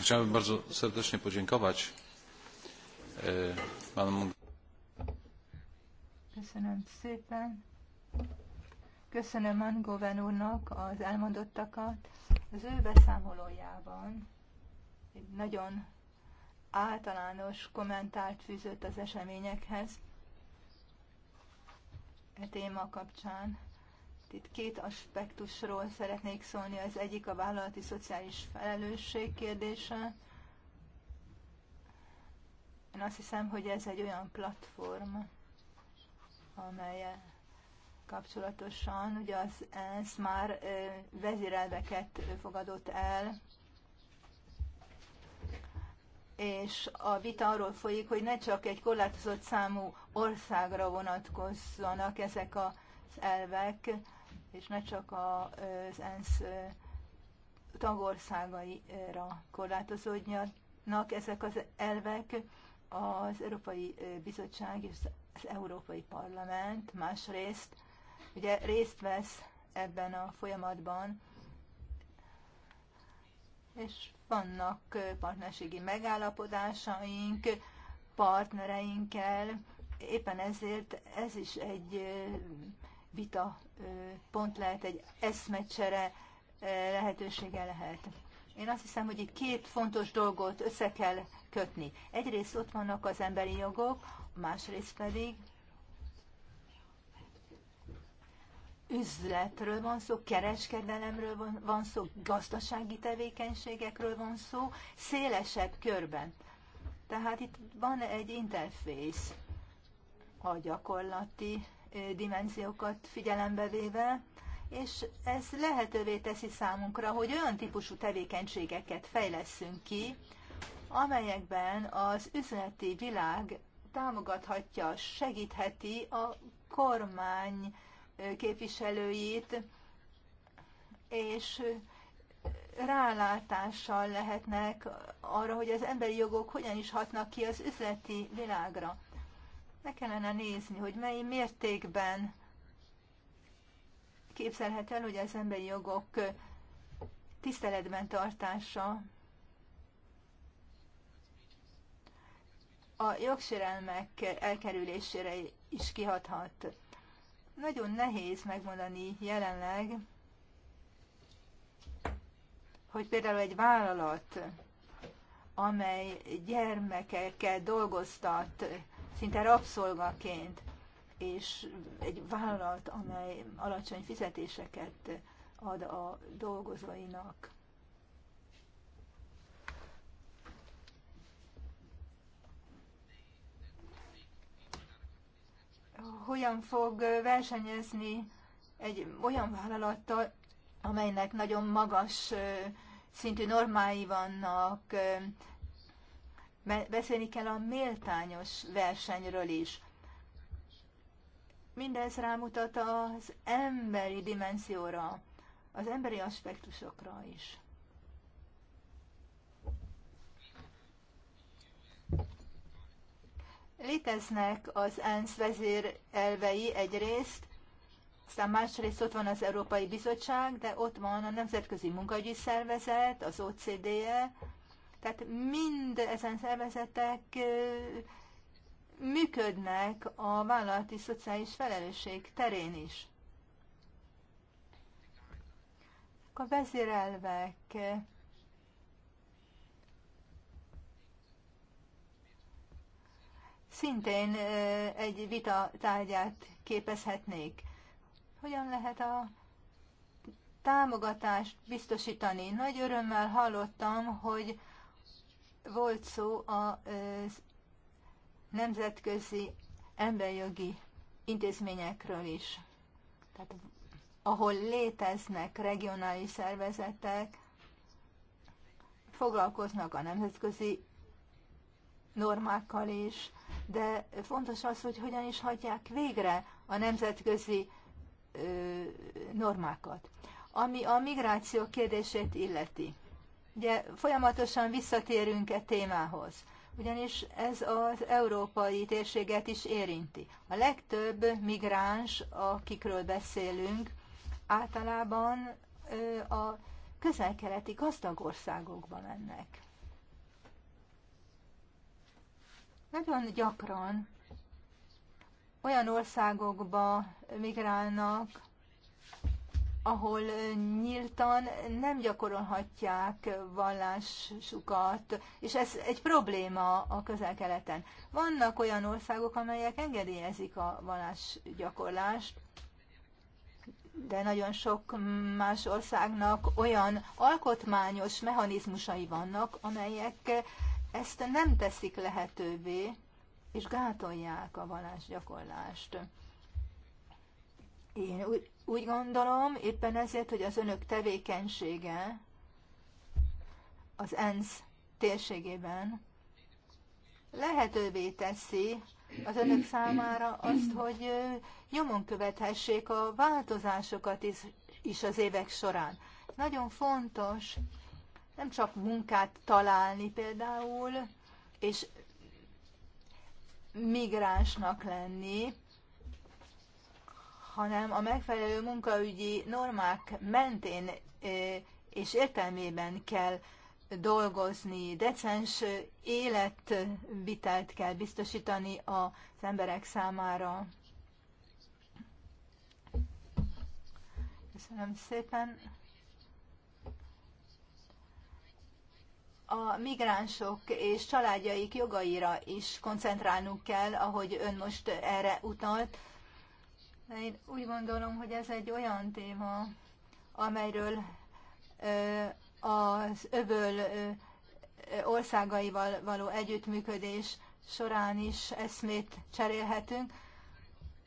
[SPEAKER 2] Chciałbym bardzo serdecznie podziękować e, panu.
[SPEAKER 3] Köszönöm szépen. Köszönöm Mangoven úrnak az elmondottakat. Az ő beszámolójában egy nagyon általános kommentárt fűzött az eseményekhez e téma kapcsán. Itt két aspektusról szeretnék szólni. Az egyik a vállalati szociális felelősség kérdése. Én azt hiszem, hogy ez egy olyan platform, amelyet kapcsolatosan. Ugye az ENSZ már vezérelveket fogadott el, és a vita arról folyik, hogy ne csak egy korlátozott számú országra vonatkozzanak ezek az elvek, és ne csak az ENSZ tagországaira korlátozódjanak ezek az elvek. Az Európai Bizottság és az Európai Parlament másrészt ugye részt vesz ebben a folyamatban, és vannak partnerségi megállapodásaink, partnereinkkel, éppen ezért ez is egy vita pont lehet, egy eszmecsere lehetősége lehet. Én azt hiszem, hogy itt két fontos dolgot össze kell kötni. Egyrészt ott vannak az emberi jogok, másrészt pedig üzletről van szó, kereskedelemről van, van szó, gazdasági tevékenységekről van szó, szélesebb körben. Tehát itt van egy interfész a gyakorlati dimenziókat figyelembe véve, és ez lehetővé teszi számunkra, hogy olyan típusú tevékenységeket fejleszünk ki, amelyekben az üzleti világ támogathatja, segítheti a kormány képviselőit, és rálátással lehetnek arra, hogy az emberi jogok hogyan is hatnak ki az üzleti világra. Meg kellene nézni, hogy mely mértékben képzelhet el, hogy az emberi jogok tiszteletben tartása a jogsérelmek elkerülésére is kihathat. Nagyon nehéz megmondani jelenleg, hogy például egy vállalat, amely gyermekekkel dolgoztat, szinte rabszolgaként, és egy vállalat, amely alacsony fizetéseket ad a dolgozóinak. hogyan fog versenyezni egy olyan vállalattal, amelynek nagyon magas szintű normái vannak. Beszélni kell a méltányos versenyről is. Mindez rámutat az emberi dimenzióra, az emberi aspektusokra is. Léteznek az ENSZ vezérelvei egyrészt, aztán másrészt ott van az Európai Bizottság, de ott van a Nemzetközi Munkaügyi Szervezet, az OCDE, tehát mind ezen szervezetek működnek a vállalati szociális felelősség terén is. A vezérelvek szintén egy vita tárgyát képezhetnék. Hogyan lehet a támogatást biztosítani? Nagy örömmel hallottam, hogy volt szó a nemzetközi emberjogi intézményekről is. Tehát ahol léteznek regionális szervezetek, foglalkoznak a nemzetközi normákkal is, de fontos az, hogy hogyan is hagyják végre a nemzetközi ö, normákat. Ami a migráció kérdését illeti. Ugye folyamatosan visszatérünk e témához, ugyanis ez az európai térséget is érinti. A legtöbb migráns, akikről beszélünk, általában ö, a közel-keleti gazdag országokba mennek. Nagyon gyakran olyan országokba migrálnak, ahol nyíltan nem gyakorolhatják vallásukat, és ez egy probléma a közel-keleten. Vannak olyan országok, amelyek engedélyezik a vallásgyakorlást, de nagyon sok más országnak olyan alkotmányos mechanizmusai vannak, amelyek ezt nem teszik lehetővé, és gátolják a vallásgyakorlást. Én úgy, úgy gondolom, éppen ezért, hogy az önök tevékenysége az ENSZ térségében lehetővé teszi az önök számára azt, hogy nyomon követhessék a változásokat is, is az évek során. Nagyon fontos nem csak munkát találni például, és migránsnak lenni, hanem a megfelelő munkaügyi normák mentén és értelmében kell dolgozni, decens életvitelt kell biztosítani az emberek számára. Köszönöm szépen. a migránsok és családjaik jogaira is koncentrálnunk kell, ahogy ön most erre utalt. Én úgy gondolom, hogy ez egy olyan téma, amelyről az öböl országaival való együttműködés során is eszmét cserélhetünk.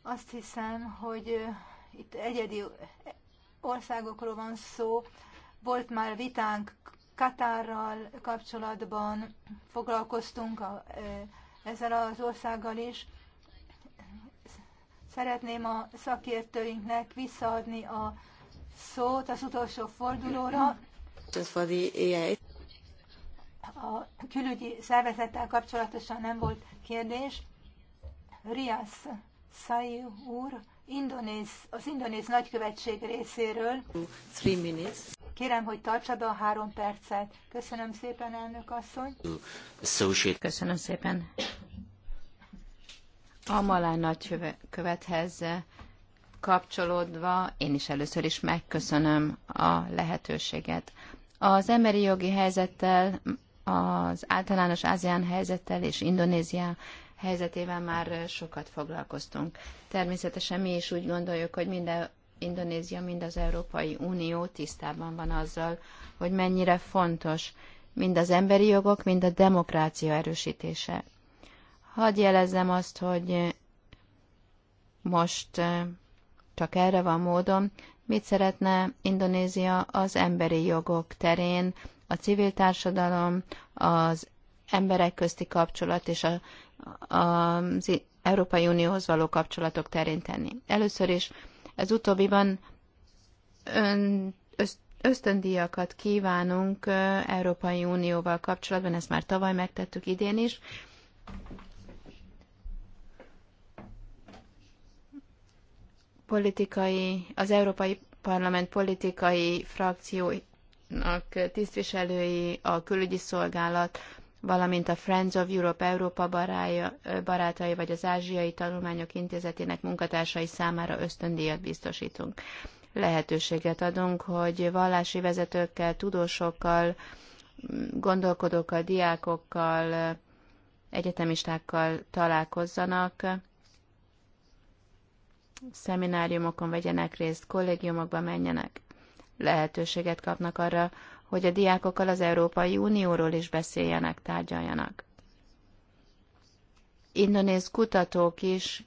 [SPEAKER 3] Azt hiszem, hogy itt egyedi országokról van szó. Volt már vitánk Katárral kapcsolatban foglalkoztunk a, ezzel az országgal is. Szeretném a szakértőinknek visszaadni a szót az utolsó fordulóra. A külügyi szervezettel kapcsolatosan nem volt kérdés. Rias Sai úr, indonéz, az indonéz nagykövetség részéről.
[SPEAKER 2] Three minutes.
[SPEAKER 3] Kérem, hogy tartsa be a három percet. Köszönöm szépen, elnök asszony.
[SPEAKER 1] Köszönöm szépen. A Malán nagykövethez kapcsolódva én is először is megköszönöm a lehetőséget. Az emberi jogi helyzettel, az általános ázián helyzettel és Indonézia helyzetével már sokat foglalkoztunk. Természetesen mi is úgy gondoljuk, hogy minden Indonézia, mind az Európai Unió tisztában van azzal, hogy mennyire fontos mind az emberi jogok, mind a demokrácia erősítése. Hadd jelezzem azt, hogy most eh, csak erre van módom, mit szeretne Indonézia az emberi jogok terén, a civil társadalom, az emberek közti kapcsolat és a, a, az Európai Unióhoz való kapcsolatok terén tenni. Először is ez utóbbiban ön, öszt, ösztöndíjakat kívánunk Európai Unióval kapcsolatban, ezt már tavaly megtettük idén is. Politikai, az Európai Parlament politikai frakciónak tisztviselői, a külügyi szolgálat, valamint a Friends of Europe Európa barája, barátai vagy az Ázsiai Tanulmányok Intézetének munkatársai számára ösztöndíjat biztosítunk. Lehetőséget adunk, hogy vallási vezetőkkel, tudósokkal, gondolkodókkal, diákokkal, egyetemistákkal találkozzanak, szemináriumokon vegyenek részt, kollégiumokba menjenek. Lehetőséget kapnak arra, hogy a diákokkal az Európai Unióról is beszéljenek, tárgyaljanak. Indonéz kutatók is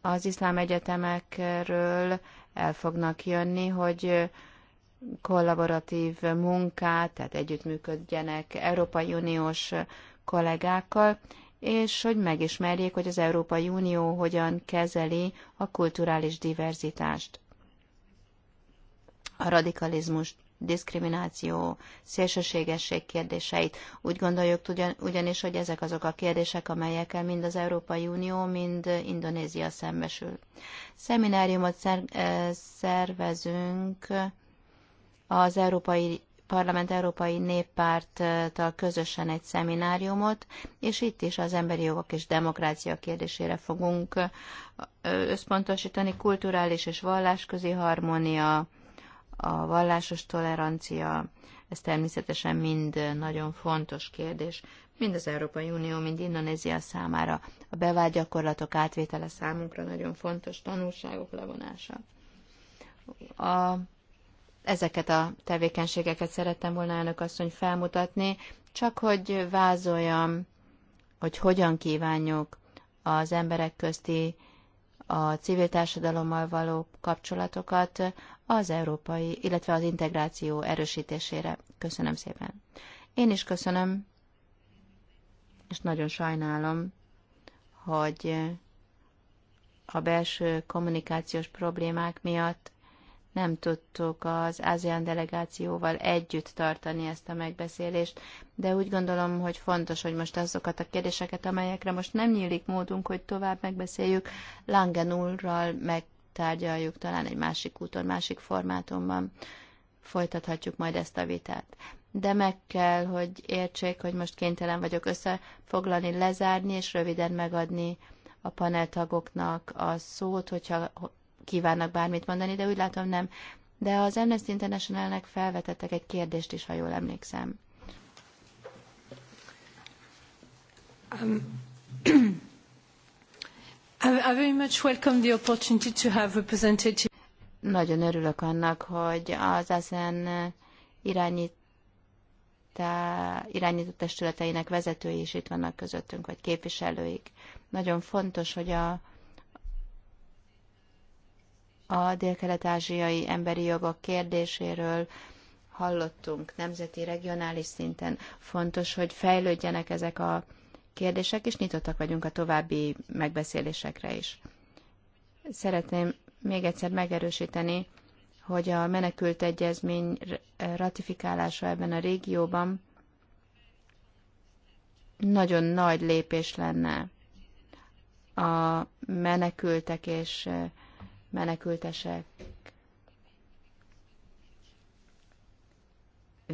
[SPEAKER 1] az iszlám egyetemekről el fognak jönni, hogy kollaboratív munkát, tehát együttműködjenek Európai Uniós kollégákkal, és hogy megismerjék, hogy az Európai Unió hogyan kezeli a kulturális diverzitást, a radikalizmust diszkrimináció, szélsőségesség kérdéseit. Úgy gondoljuk ugyan, ugyanis, hogy ezek azok a kérdések, amelyekkel mind az Európai Unió, mind Indonézia szembesül. Szemináriumot eh, szervezünk az Európai Parlament Európai Néppárttal közösen egy szemináriumot, és itt is az emberi jogok és demokrácia kérdésére fogunk eh, összpontosítani, kulturális és vallásközi harmónia, a vallásos tolerancia, ez természetesen mind nagyon fontos kérdés, mind az Európai Unió, mind Indonézia számára. A bevált gyakorlatok átvétele számunkra nagyon fontos tanulságok levonása. A, ezeket a tevékenységeket szerettem volna elnök asszony felmutatni, csak hogy vázoljam, hogy hogyan kívánjuk az emberek közti a civil társadalommal való kapcsolatokat az európai, illetve az integráció erősítésére. Köszönöm szépen. Én is köszönöm, és nagyon sajnálom, hogy a belső kommunikációs problémák miatt nem tudtuk az ASEAN delegációval együtt tartani ezt a megbeszélést, de úgy gondolom, hogy fontos, hogy most azokat a kérdéseket, amelyekre most nem nyílik módunk, hogy tovább megbeszéljük, Langen úrral meg tárgyaljuk, talán egy másik úton, másik formátumban folytathatjuk majd ezt a vitát. De meg kell, hogy értsék, hogy most kénytelen vagyok összefoglalni, lezárni és röviden megadni a paneltagoknak a szót, hogyha kívánnak bármit mondani, de úgy látom nem. De az Amnesty International-nek felvetettek egy kérdést is, ha jól emlékszem. Um. Nagyon örülök annak, hogy az ASEAN eh, irányít irányító testületeinek vezetői is itt vannak közöttünk, vagy képviselőik. Nagyon fontos, hogy a, a dél-kelet-ázsiai emberi jogok kérdéséről hallottunk nemzeti, regionális szinten. Fontos, hogy fejlődjenek ezek a kérdések, és nyitottak vagyunk a további megbeszélésekre is. Szeretném még egyszer megerősíteni, hogy a menekült egyezmény ratifikálása ebben a régióban nagyon nagy lépés lenne a menekültek és menekültesek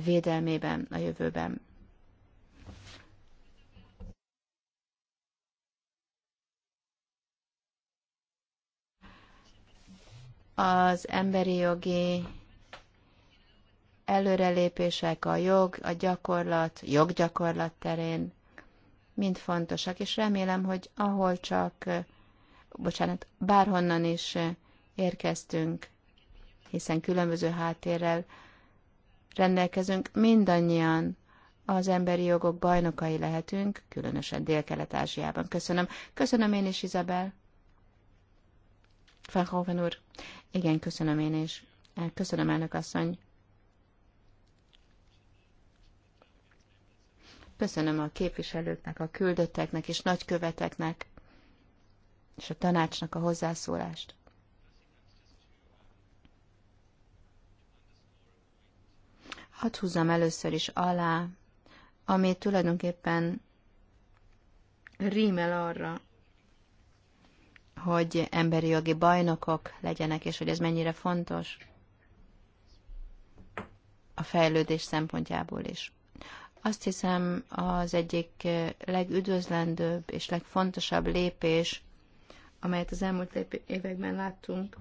[SPEAKER 1] védelmében a jövőben. az emberi jogi előrelépések, a jog, a gyakorlat, joggyakorlat terén mind fontosak, és remélem, hogy ahol csak, bocsánat, bárhonnan is érkeztünk, hiszen különböző háttérrel rendelkezünk, mindannyian az emberi jogok bajnokai lehetünk, különösen Dél-Kelet-Ázsiában. Köszönöm. Köszönöm én is, Izabel. Verhoeven úr. Igen, köszönöm én is. Eh, köszönöm, elnök asszony. Köszönöm a képviselőknek, a küldötteknek és nagyköveteknek, és a tanácsnak a hozzászólást. Hadd húzzam először is alá, ami tulajdonképpen rímel arra, hogy emberi jogi bajnokok legyenek, és hogy ez mennyire fontos a fejlődés szempontjából is. Azt hiszem, az egyik legüdvözlendőbb és legfontosabb lépés, amelyet az elmúlt években láttunk,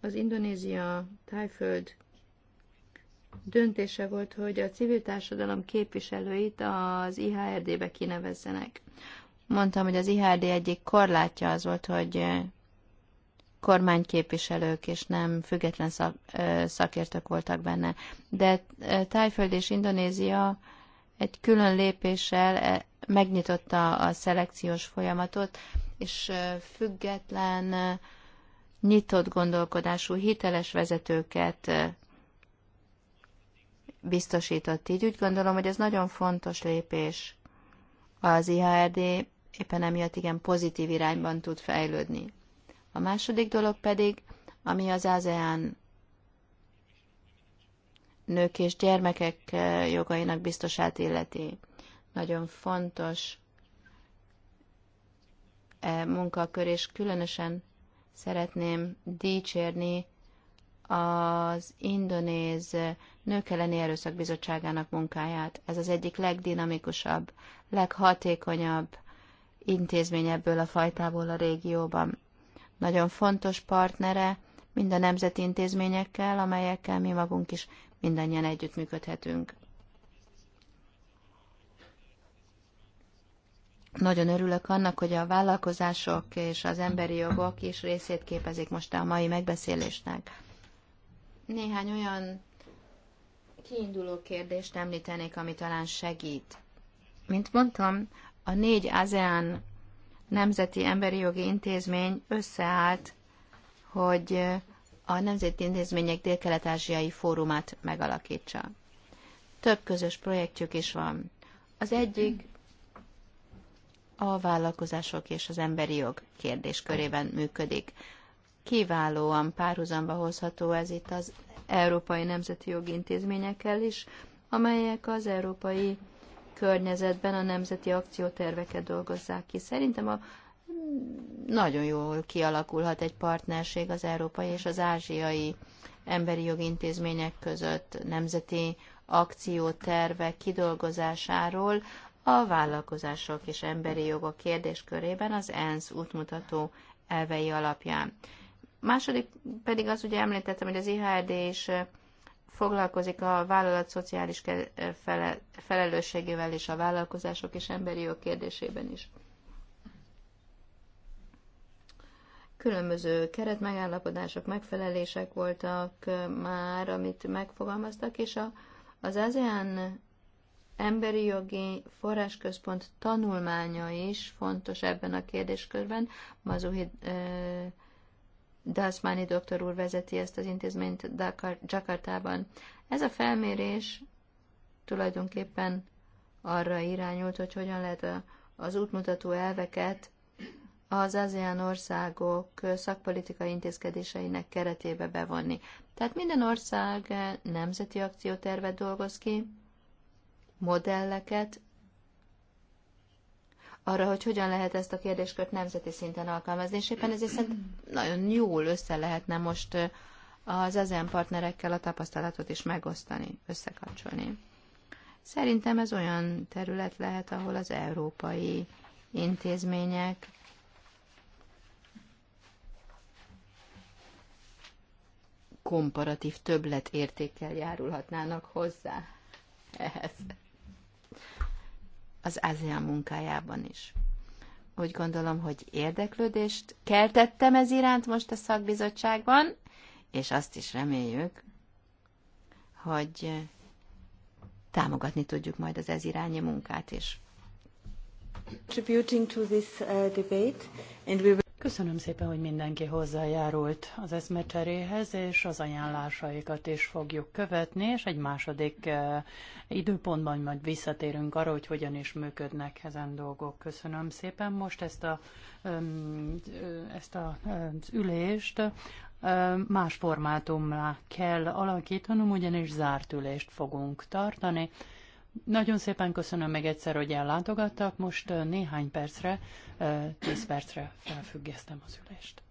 [SPEAKER 1] az Indonézia tájföld döntése volt, hogy a civil társadalom képviselőit az IHRD-be kinevezzenek mondtam, hogy az IHD egyik korlátja az volt, hogy kormányképviselők és nem független szak, szakértők voltak benne. De Tájföld és Indonézia egy külön lépéssel e, megnyitotta a szelekciós folyamatot, és független, nyitott gondolkodású, hiteles vezetőket biztosított. Így úgy gondolom, hogy ez nagyon fontos lépés az IHRD éppen emiatt igen pozitív irányban tud fejlődni. A második dolog pedig, ami az ASEAN nők és gyermekek eh, jogainak biztosát illeti. Nagyon fontos eh, munkakör, és különösen szeretném dicsérni az Indonéz Nők elleni Erőszak Bizottságának munkáját. Ez az egyik legdinamikusabb, leghatékonyabb intézmény ebből a fajtából a régióban. Nagyon fontos partnere mind a nemzeti intézményekkel, amelyekkel mi magunk is mindannyian együttműködhetünk. Nagyon örülök annak, hogy a vállalkozások és az emberi jogok is részét képezik most a mai megbeszélésnek. Néhány olyan kiinduló kérdést említenék, ami talán segít. Mint mondtam, a négy ASEAN nemzeti emberi jogi intézmény összeállt, hogy a Nemzeti Intézmények Dél-Kelet-Ázsiai Fórumát megalakítsa. Több közös projektjük is van. Az egyik a vállalkozások és az emberi jog kérdéskörében működik. Kiválóan párhuzamba hozható ez itt az Európai Nemzeti Jogi Intézményekkel is, amelyek az európai környezetben a nemzeti akcióterveket dolgozzák ki. Szerintem a nagyon jól kialakulhat egy partnerség az európai és az ázsiai emberi jogi intézmények között nemzeti akciótervek kidolgozásáról, a vállalkozások és emberi jogok kérdéskörében az ENSZ útmutató elvei alapján. Második pedig az, ugye említettem, hogy az IHRD is foglalkozik a vállalat szociális felelősségével és a vállalkozások és emberi jog kérdésében is. Különböző keretmegállapodások, megfelelések voltak már, amit megfogalmaztak, és a, az ASEAN emberi jogi forrásközpont tanulmánya is fontos ebben a kérdéskörben. Mazuhid eh, Dasmani doktor úr vezeti ezt az intézményt Dakar, Jakartában. Ez a felmérés tulajdonképpen arra irányult, hogy hogyan lehet az útmutató elveket az ASEAN országok szakpolitikai intézkedéseinek keretébe bevonni. Tehát minden ország nemzeti akciótervet dolgoz ki, modelleket, arra, hogy hogyan lehet ezt a kérdéskört nemzeti szinten alkalmazni, és éppen ezért szerint nagyon jól össze lehetne most az ASEAN partnerekkel a tapasztalatot is megosztani, összekapcsolni. Szerintem ez olyan terület lehet, ahol az európai intézmények komparatív értékkel járulhatnának hozzá ehhez az ASEAN munkájában is. Úgy gondolom, hogy érdeklődést keltettem ez iránt most a szakbizottságban, és azt is reméljük, hogy támogatni tudjuk majd az ez irányi munkát is.
[SPEAKER 2] Köszönöm szépen, hogy mindenki hozzájárult az eszmecseréhez, és az ajánlásaikat is fogjuk követni, és egy második eh, időpontban majd visszatérünk arra, hogy hogyan is működnek ezen dolgok. Köszönöm szépen. Most ezt a, ezt a, az ülést más formátumra kell alakítanom, ugyanis zárt ülést fogunk tartani. Nagyon szépen köszönöm még egyszer, hogy ellátogattak. Most néhány percre, tíz percre felfüggesztem az ülést.